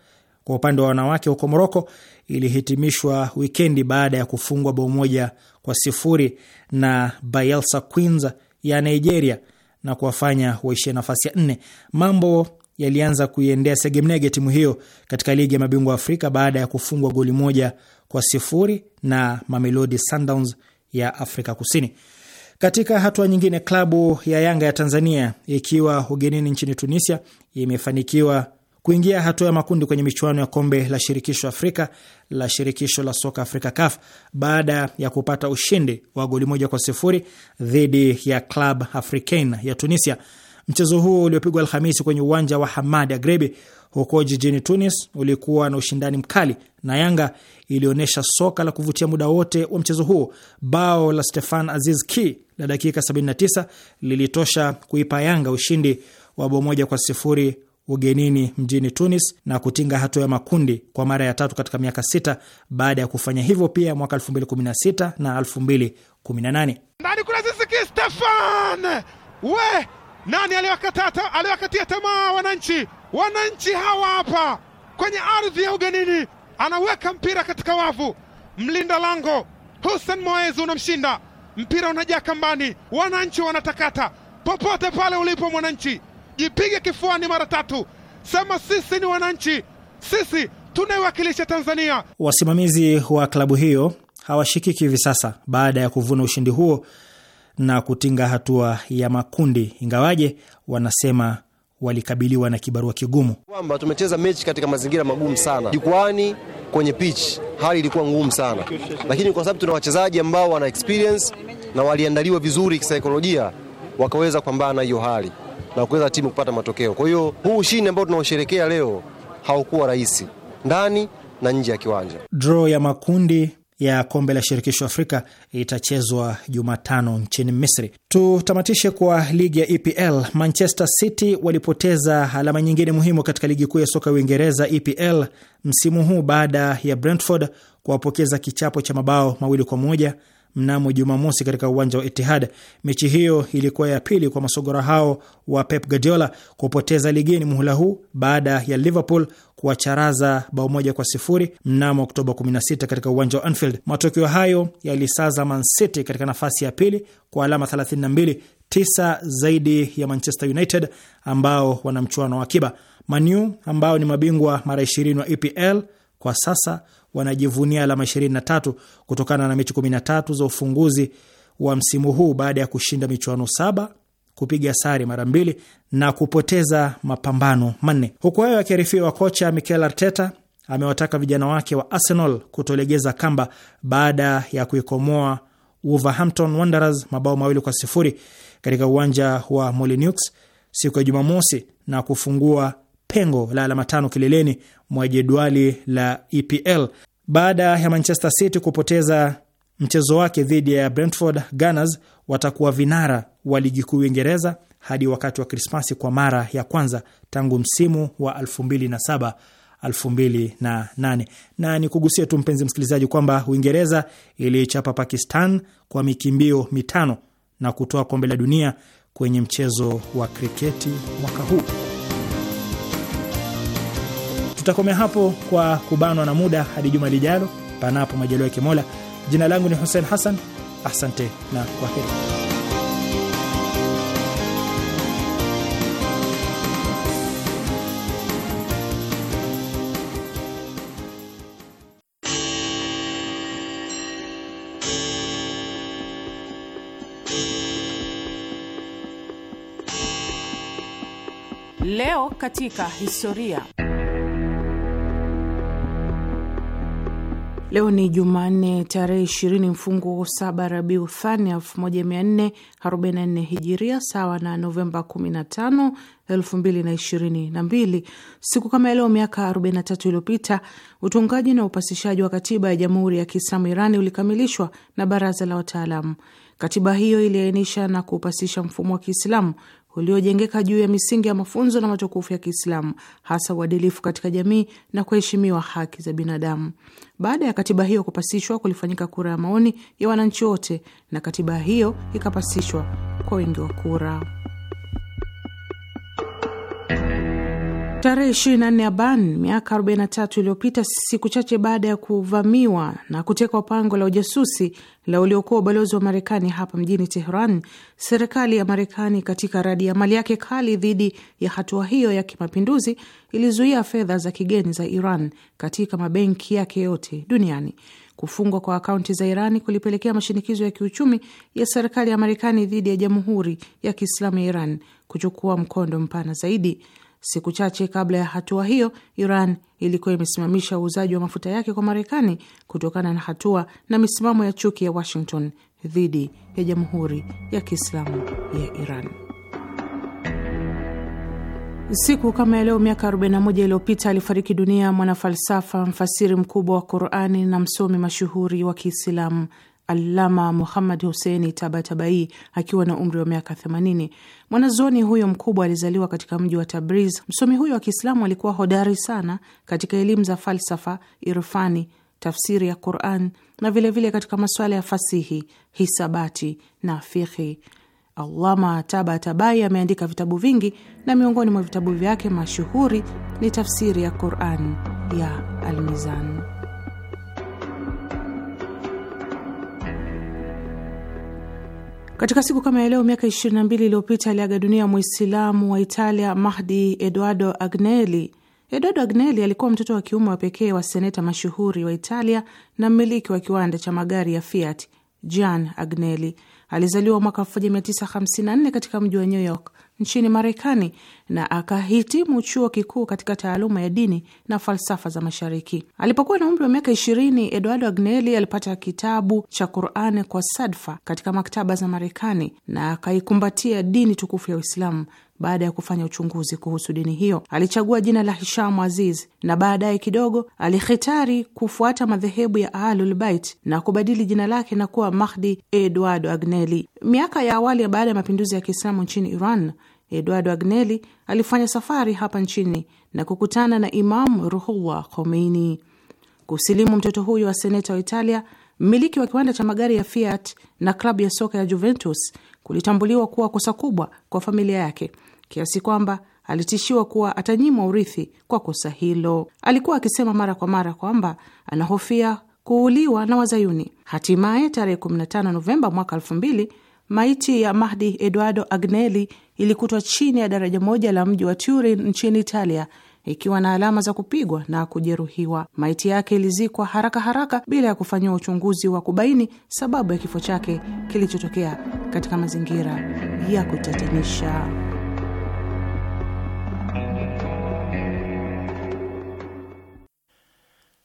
kwa upande wa wanawake huko Moroko ilihitimishwa wikendi baada ya kufungwa bao moja kwa sifuri na Bayelsa Queens ya Nigeria na kuwafanya waishie nafasi ya nne. Mambo yalianza kuiendea segemnege timu hiyo katika ligi ya mabingwa Afrika baada ya kufungwa goli moja kwa sifuri na Mamelodi Sundowns ya Afrika Kusini. Katika hatua nyingine, klabu ya Yanga ya Tanzania ikiwa ugenini nchini Tunisia imefanikiwa kuingia hatua ya makundi kwenye michuano ya kombe la shirikisho Afrika la shirikisho la soka Afrika CAF baada ya kupata ushindi wa goli moja kwa sifuri dhidi ya Club Africain ya Tunisia. Mchezo huo uliopigwa Alhamisi kwenye uwanja wa Hamad Agrebi huko jijini Tunis ulikuwa na ushindani mkali na Yanga ilionyesha soka la kuvutia muda wote wa mchezo huo. Bao la Stefan Aziz Ki la dakika 79 lilitosha kuipa Yanga ushindi wa bao moja kwa sifuri ugenini mjini Tunis na kutinga hatua ya makundi kwa mara ya tatu katika miaka sita baada ya kufanya hivyo pia mwaka 2016 na 2018. Ndani kuna Ziziki Stefan we nani aliwakatia tamaa wananchi? Wananchi hawa hapa kwenye ardhi ya ugenini, anaweka mpira katika wavu, mlinda lango Hussein Moezi unamshinda mpira, unajaa kambani, wananchi wanatakata. Popote pale ulipo mwananchi jipige kifuani mara tatu, sema sisi ni wananchi, sisi tunaiwakilisha Tanzania. Wasimamizi wa klabu hiyo hawashikiki hivi sasa baada ya kuvuna ushindi huo na kutinga hatua ya makundi, ingawaje wanasema walikabiliwa na kibarua kigumu, kwamba tumecheza mechi katika mazingira magumu sana jukwani, kwenye pitch hali ilikuwa ngumu sana, lakini kwa sababu tuna wachezaji ambao wana experience na waliandaliwa vizuri kisaikolojia, wakaweza kupambana na hiyo hali na kuweza timu kupata matokeo. Kwa hiyo huu ushindi ambao tunaosherekea leo haukuwa rahisi ndani na nje ya kiwanja. Draw ya makundi ya kombe la shirikisho Afrika itachezwa Jumatano nchini Misri. Tutamatishe kwa ligi ya EPL. Manchester City walipoteza alama nyingine muhimu katika ligi kuu ya soka ya Uingereza, EPL, msimu huu baada ya Brentford kuwapokeza kichapo cha mabao mawili kwa moja mnamo Jumamosi katika uwanja wa Itihad. Mechi hiyo ilikuwa ya pili kwa masogora hao wa Pep Guardiola kupoteza ligeni muhula huu baada ya Liverpool kuwacharaza bao moja kwa sifuri mnamo Oktoba 16 katika uwanja wa Anfield. Matokeo hayo yalisaza Man City katika nafasi ya pili kwa alama 32, tisa zaidi ya Manchester United ambao wana mchuano wa akiba. Manu ambao ni mabingwa mara 20 wa EPL kwa sasa wanajivunia alama 23 kutokana na mechi 13 za ufunguzi wa msimu huu baada ya kushinda michuano saba kupiga sare mara mbili na kupoteza mapambano manne. Huku hayo akiarifiwa, kocha Mikel Arteta amewataka vijana wake wa Arsenal kutolegeza kamba baada ya kuikomoa Wolverhampton Wanderers mabao mawili kwa sifuri katika uwanja wa Molineux siku ya Jumamosi na kufungua pengo la alama tano kileleni mwa jedwali la EPL baada ya Manchester City kupoteza mchezo wake dhidi ya Brentford. Gunners watakuwa vinara wa ligi kuu Uingereza hadi wakati wa Krismasi kwa mara ya kwanza tangu msimu wa 2007 2008. Na ni kugusia tu mpenzi msikilizaji, kwamba Uingereza iliichapa Pakistan kwa mikimbio mitano na kutoa kombe la dunia kwenye mchezo wa kriketi mwaka huu. Tutakomea hapo kwa kubanwa na muda hadi juma lijalo, panapo majaliwa ya Kimola. Jina langu ni Hussein Hassan, asante na kwa heri. Leo katika historia Leo ni Jumanne tarehe ishirini mfungu saba Rabiu Thani 1444 hijiria sawa na Novemba kumi na tano elfu mbili na ishirini na mbili. Siku kama leo miaka 43 iliyopita utungaji na upasishaji wa katiba ya Jamhuri ya Kiislamu Irani ulikamilishwa na baraza la wataalamu. Katiba hiyo iliainisha na kuupasisha mfumo wa Kiislamu uliojengeka juu ya misingi ya mafunzo na matukufu ya Kiislamu, hasa uadilifu katika jamii na kuheshimiwa haki za binadamu. Baada ya katiba hiyo kupasishwa, kulifanyika kura ya maoni ya wananchi wote na katiba hiyo ikapasishwa kwa wingi wa kura. Tarehe 24 Aban miaka 43 iliyopita, siku chache baada ya kuvamiwa na kutekwa pango la ujasusi la uliokuwa ubalozi wa Marekani hapa mjini Tehran, serikali ya Marekani katika radi ya mali yake kali dhidi ya hatua hiyo ya kimapinduzi ilizuia fedha za kigeni za Iran katika mabenki yake yote duniani. Kufungwa kwa akaunti za Irani kulipelekea mashinikizo ya kiuchumi ya serikali ya Marekani dhidi ya Jamhuri ya Kiislamu ya Iran kuchukua mkondo mpana zaidi. Siku chache kabla ya hatua hiyo, Iran ilikuwa imesimamisha uuzaji wa mafuta yake kwa Marekani kutokana na hatua na misimamo ya chuki ya Washington dhidi ya Jamhuri ya Kiislamu ya Iran. Siku kama leo miaka 41 iliyopita alifariki dunia mwanafalsafa, mfasiri mkubwa wa Qurani na msomi mashuhuri wa Kiislamu Allama Muhammad Huseni Tabatabai akiwa na umri wa miaka 80. Mwanazuoni huyo mkubwa alizaliwa katika mji wa Tabriz. Msomi huyo wa Kiislamu alikuwa hodari sana katika elimu za falsafa, irfani, tafsiri ya Quran na vilevile vile katika masuala ya fasihi, hisabati na fikhi. Alama Tabatabai ameandika vitabu vingi na miongoni mwa vitabu vyake mashuhuri ni tafsiri ya Quran ya Almizan. Katika siku kama ya leo miaka 22 iliyopita aliaga dunia Mwislamu wa Italia Mahdi Eduardo Agnelli. Eduardo Agnelli alikuwa mtoto wa kiume wa pekee wa seneta mashuhuri wa Italia na mmiliki wa kiwanda cha magari ya Fiat Gian Agnelli. Alizaliwa mwaka 1954 katika mji wa New York nchini Marekani na akahitimu chuo kikuu katika taaluma ya dini na falsafa za Mashariki. Alipokuwa na umri wa miaka ishirini, Eduardo Agnelli alipata kitabu cha Qurani kwa sadfa katika maktaba za Marekani na akaikumbatia dini tukufu ya Uislamu baada ya kufanya uchunguzi kuhusu dini hiyo. Alichagua jina la Hishamu Aziz na baadaye kidogo alihitari kufuata madhehebu ya Ahlulbait na kubadili jina lake na kuwa Mahdi Eduardo Agnelli. Miaka ya awali ya baada ya mapinduzi ya Kiislamu nchini Iran, Eduardo Agnelli alifanya safari hapa nchini na kukutana na Imam Ruhullah Khomeini. Kusilimu mtoto huyo wa seneta wa Italia, mmiliki wa kiwanda cha magari ya Fiat na klabu ya soka ya Juventus kulitambuliwa kuwa kosa kubwa kwa familia yake kiasi kwamba alitishiwa kuwa atanyimwa urithi kwa kosa hilo. Alikuwa akisema mara kwa mara kwamba anahofia kuuliwa na Wazayuni. Hatimaye tarehe 15 Novemba mwaka 2000 maiti ya Mahdi Eduardo Agnelli ilikutwa chini ya daraja moja la mji wa Turin nchini Italia ikiwa na alama za kupigwa na kujeruhiwa. Maiti yake ilizikwa haraka haraka bila ya kufanyiwa uchunguzi wa kubaini sababu ya kifo chake kilichotokea katika mazingira ya kutatanisha.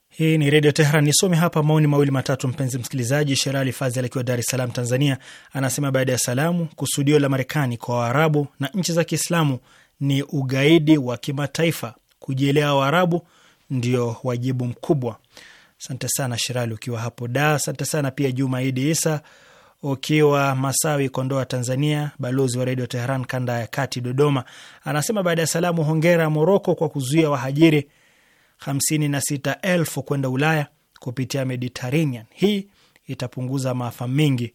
Hii ni Redio Teheran. Nisome hapa maoni mawili matatu. Mpenzi msikilizaji Sherali Fazel akiwa Dar es Salaam, Tanzania, anasema baada ya salamu, kusudio la Marekani kwa Waarabu na nchi za Kiislamu ni ugaidi wa kimataifa kujielewa Waarabu ndio wajibu mkubwa. Asante sana Shirali ukiwa hapo Da. Asante sana pia Juma Idi Isa ukiwa Masawi, Kondoa, Tanzania, balozi wa Redio Teheran kanda ya kati, Dodoma, anasema baada ya salamu, hongera Moroko kwa kuzuia wahajiri hamsini na sita elfu kwenda Ulaya kupitia Mediterranean. Hii itapunguza maafa mengi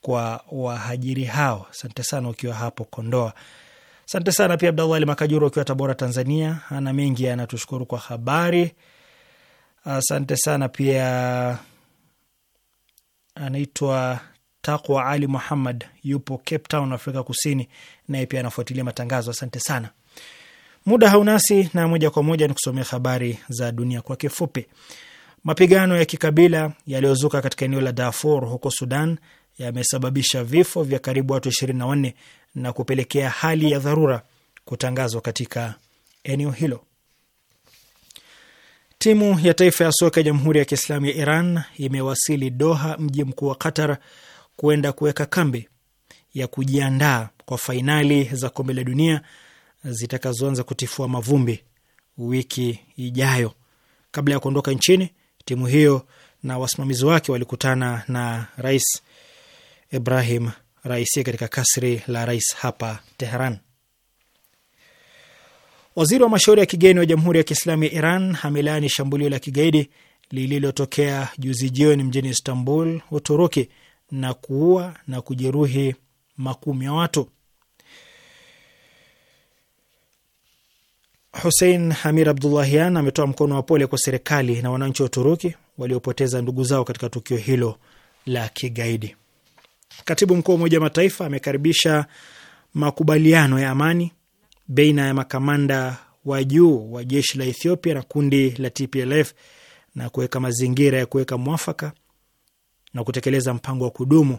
kwa wahajiri hao. Asante sana ukiwa hapo Kondoa. Asante sana pia Abdallah Ali Makajuru akiwa Tabora, Tanzania, ana mengi anatushukuru kwa habari. Asante sana pia, anaitwa Takwa Ali Muhammad, yupo Cape Town, Afrika Kusini, naye pia anafuatilia matangazo. Asante sana. Muda haunasi na moja kwa moja ni kusomea habari za dunia kwa kifupi. Mapigano ya kikabila yaliyozuka katika eneo la Darfur huko Sudan yamesababisha vifo vya karibu watu na wanne na kupelekea hali ya dharura kutangazwa katika eneo hilo. Timu ya taifa ya soka ya Jamhuri ya Kiislamu ya Iran imewasili Doha, mji mkuu wa Qatar, kuenda kuweka kambi ya kujiandaa kwa fainali za kombe la dunia zitakazoanza kutifua mavumbi wiki ijayo. Kabla ya kuondoka nchini, timu hiyo na wasimamizi wake walikutana na Rais Ibrahim rais katika kasri la rais hapa Teheran. Waziri wa mashauri ya kigeni wa Jamhuri ya Kiislamu ya Iran amelaani shambulio la kigaidi lililotokea juzi jioni mjini Istanbul, Uturuki, na kuua na kujeruhi makumi ya watu. Hussein Hamir Abdullahian ametoa mkono wa pole kwa serikali na wananchi wa Uturuki waliopoteza ndugu zao katika tukio hilo la kigaidi. Katibu mkuu wa Umoja wa Mataifa amekaribisha makubaliano ya amani baina ya makamanda wa juu wa jeshi la Ethiopia na kundi la TPLF na kuweka mazingira ya kuweka mwafaka na kutekeleza mpango wa kudumu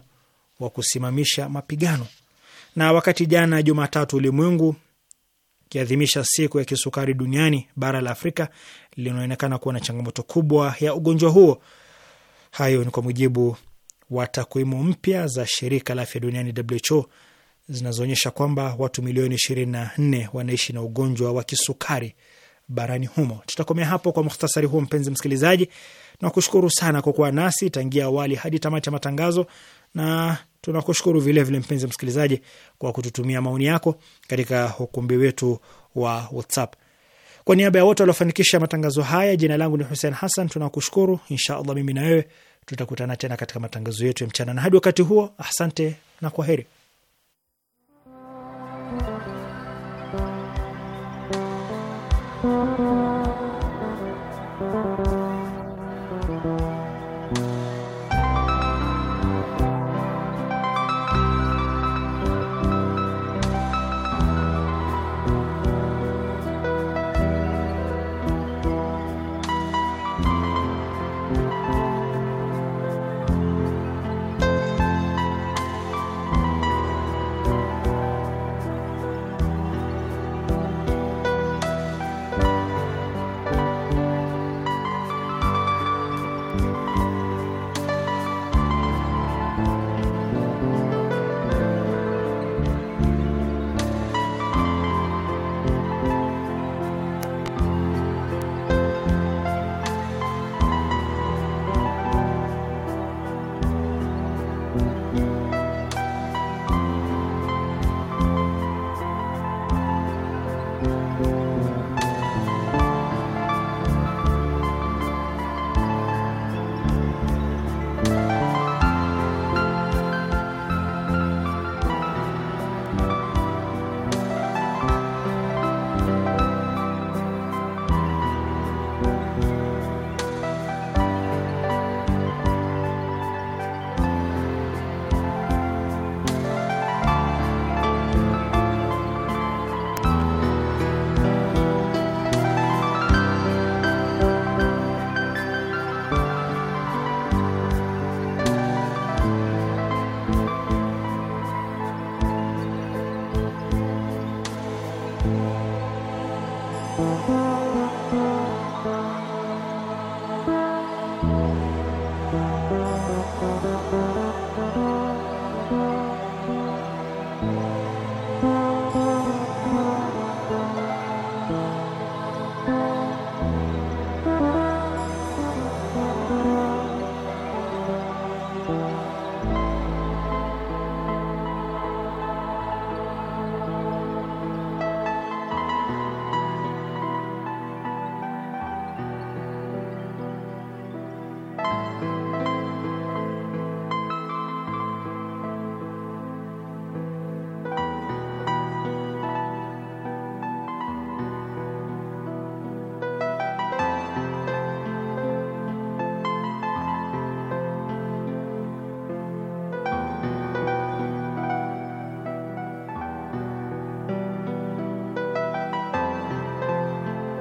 wa kusimamisha mapigano. Na wakati jana Jumatatu ulimwengu kiadhimisha siku ya kisukari duniani, bara la Afrika linaonekana kuwa na changamoto kubwa ya ugonjwa huo. Hayo ni kwa mujibu wa takwimu mpya za shirika la afya duniani WHO zinazoonyesha kwamba watu milioni 24 wanaishi na ugonjwa wa kisukari barani humo. Tutakomea hapo kwa muhtasari huo, mpenzi msikilizaji, na kushukuru sana kwa kuwa nasi tangia awali hadi tamati ya matangazo, na tunakushukuru vilevile mpenzi msikilizaji kwa kututumia maoni yako katika ukumbi wetu wa WhatsApp. Kwa niaba ya wote waliofanikisha matangazo haya, jina langu ni Hussein Hassan. Tunakushukuru insha allah, mimi na wewe Tutakutana tena katika matangazo yetu ya mchana, na hadi wakati huo, asante na kwa heri.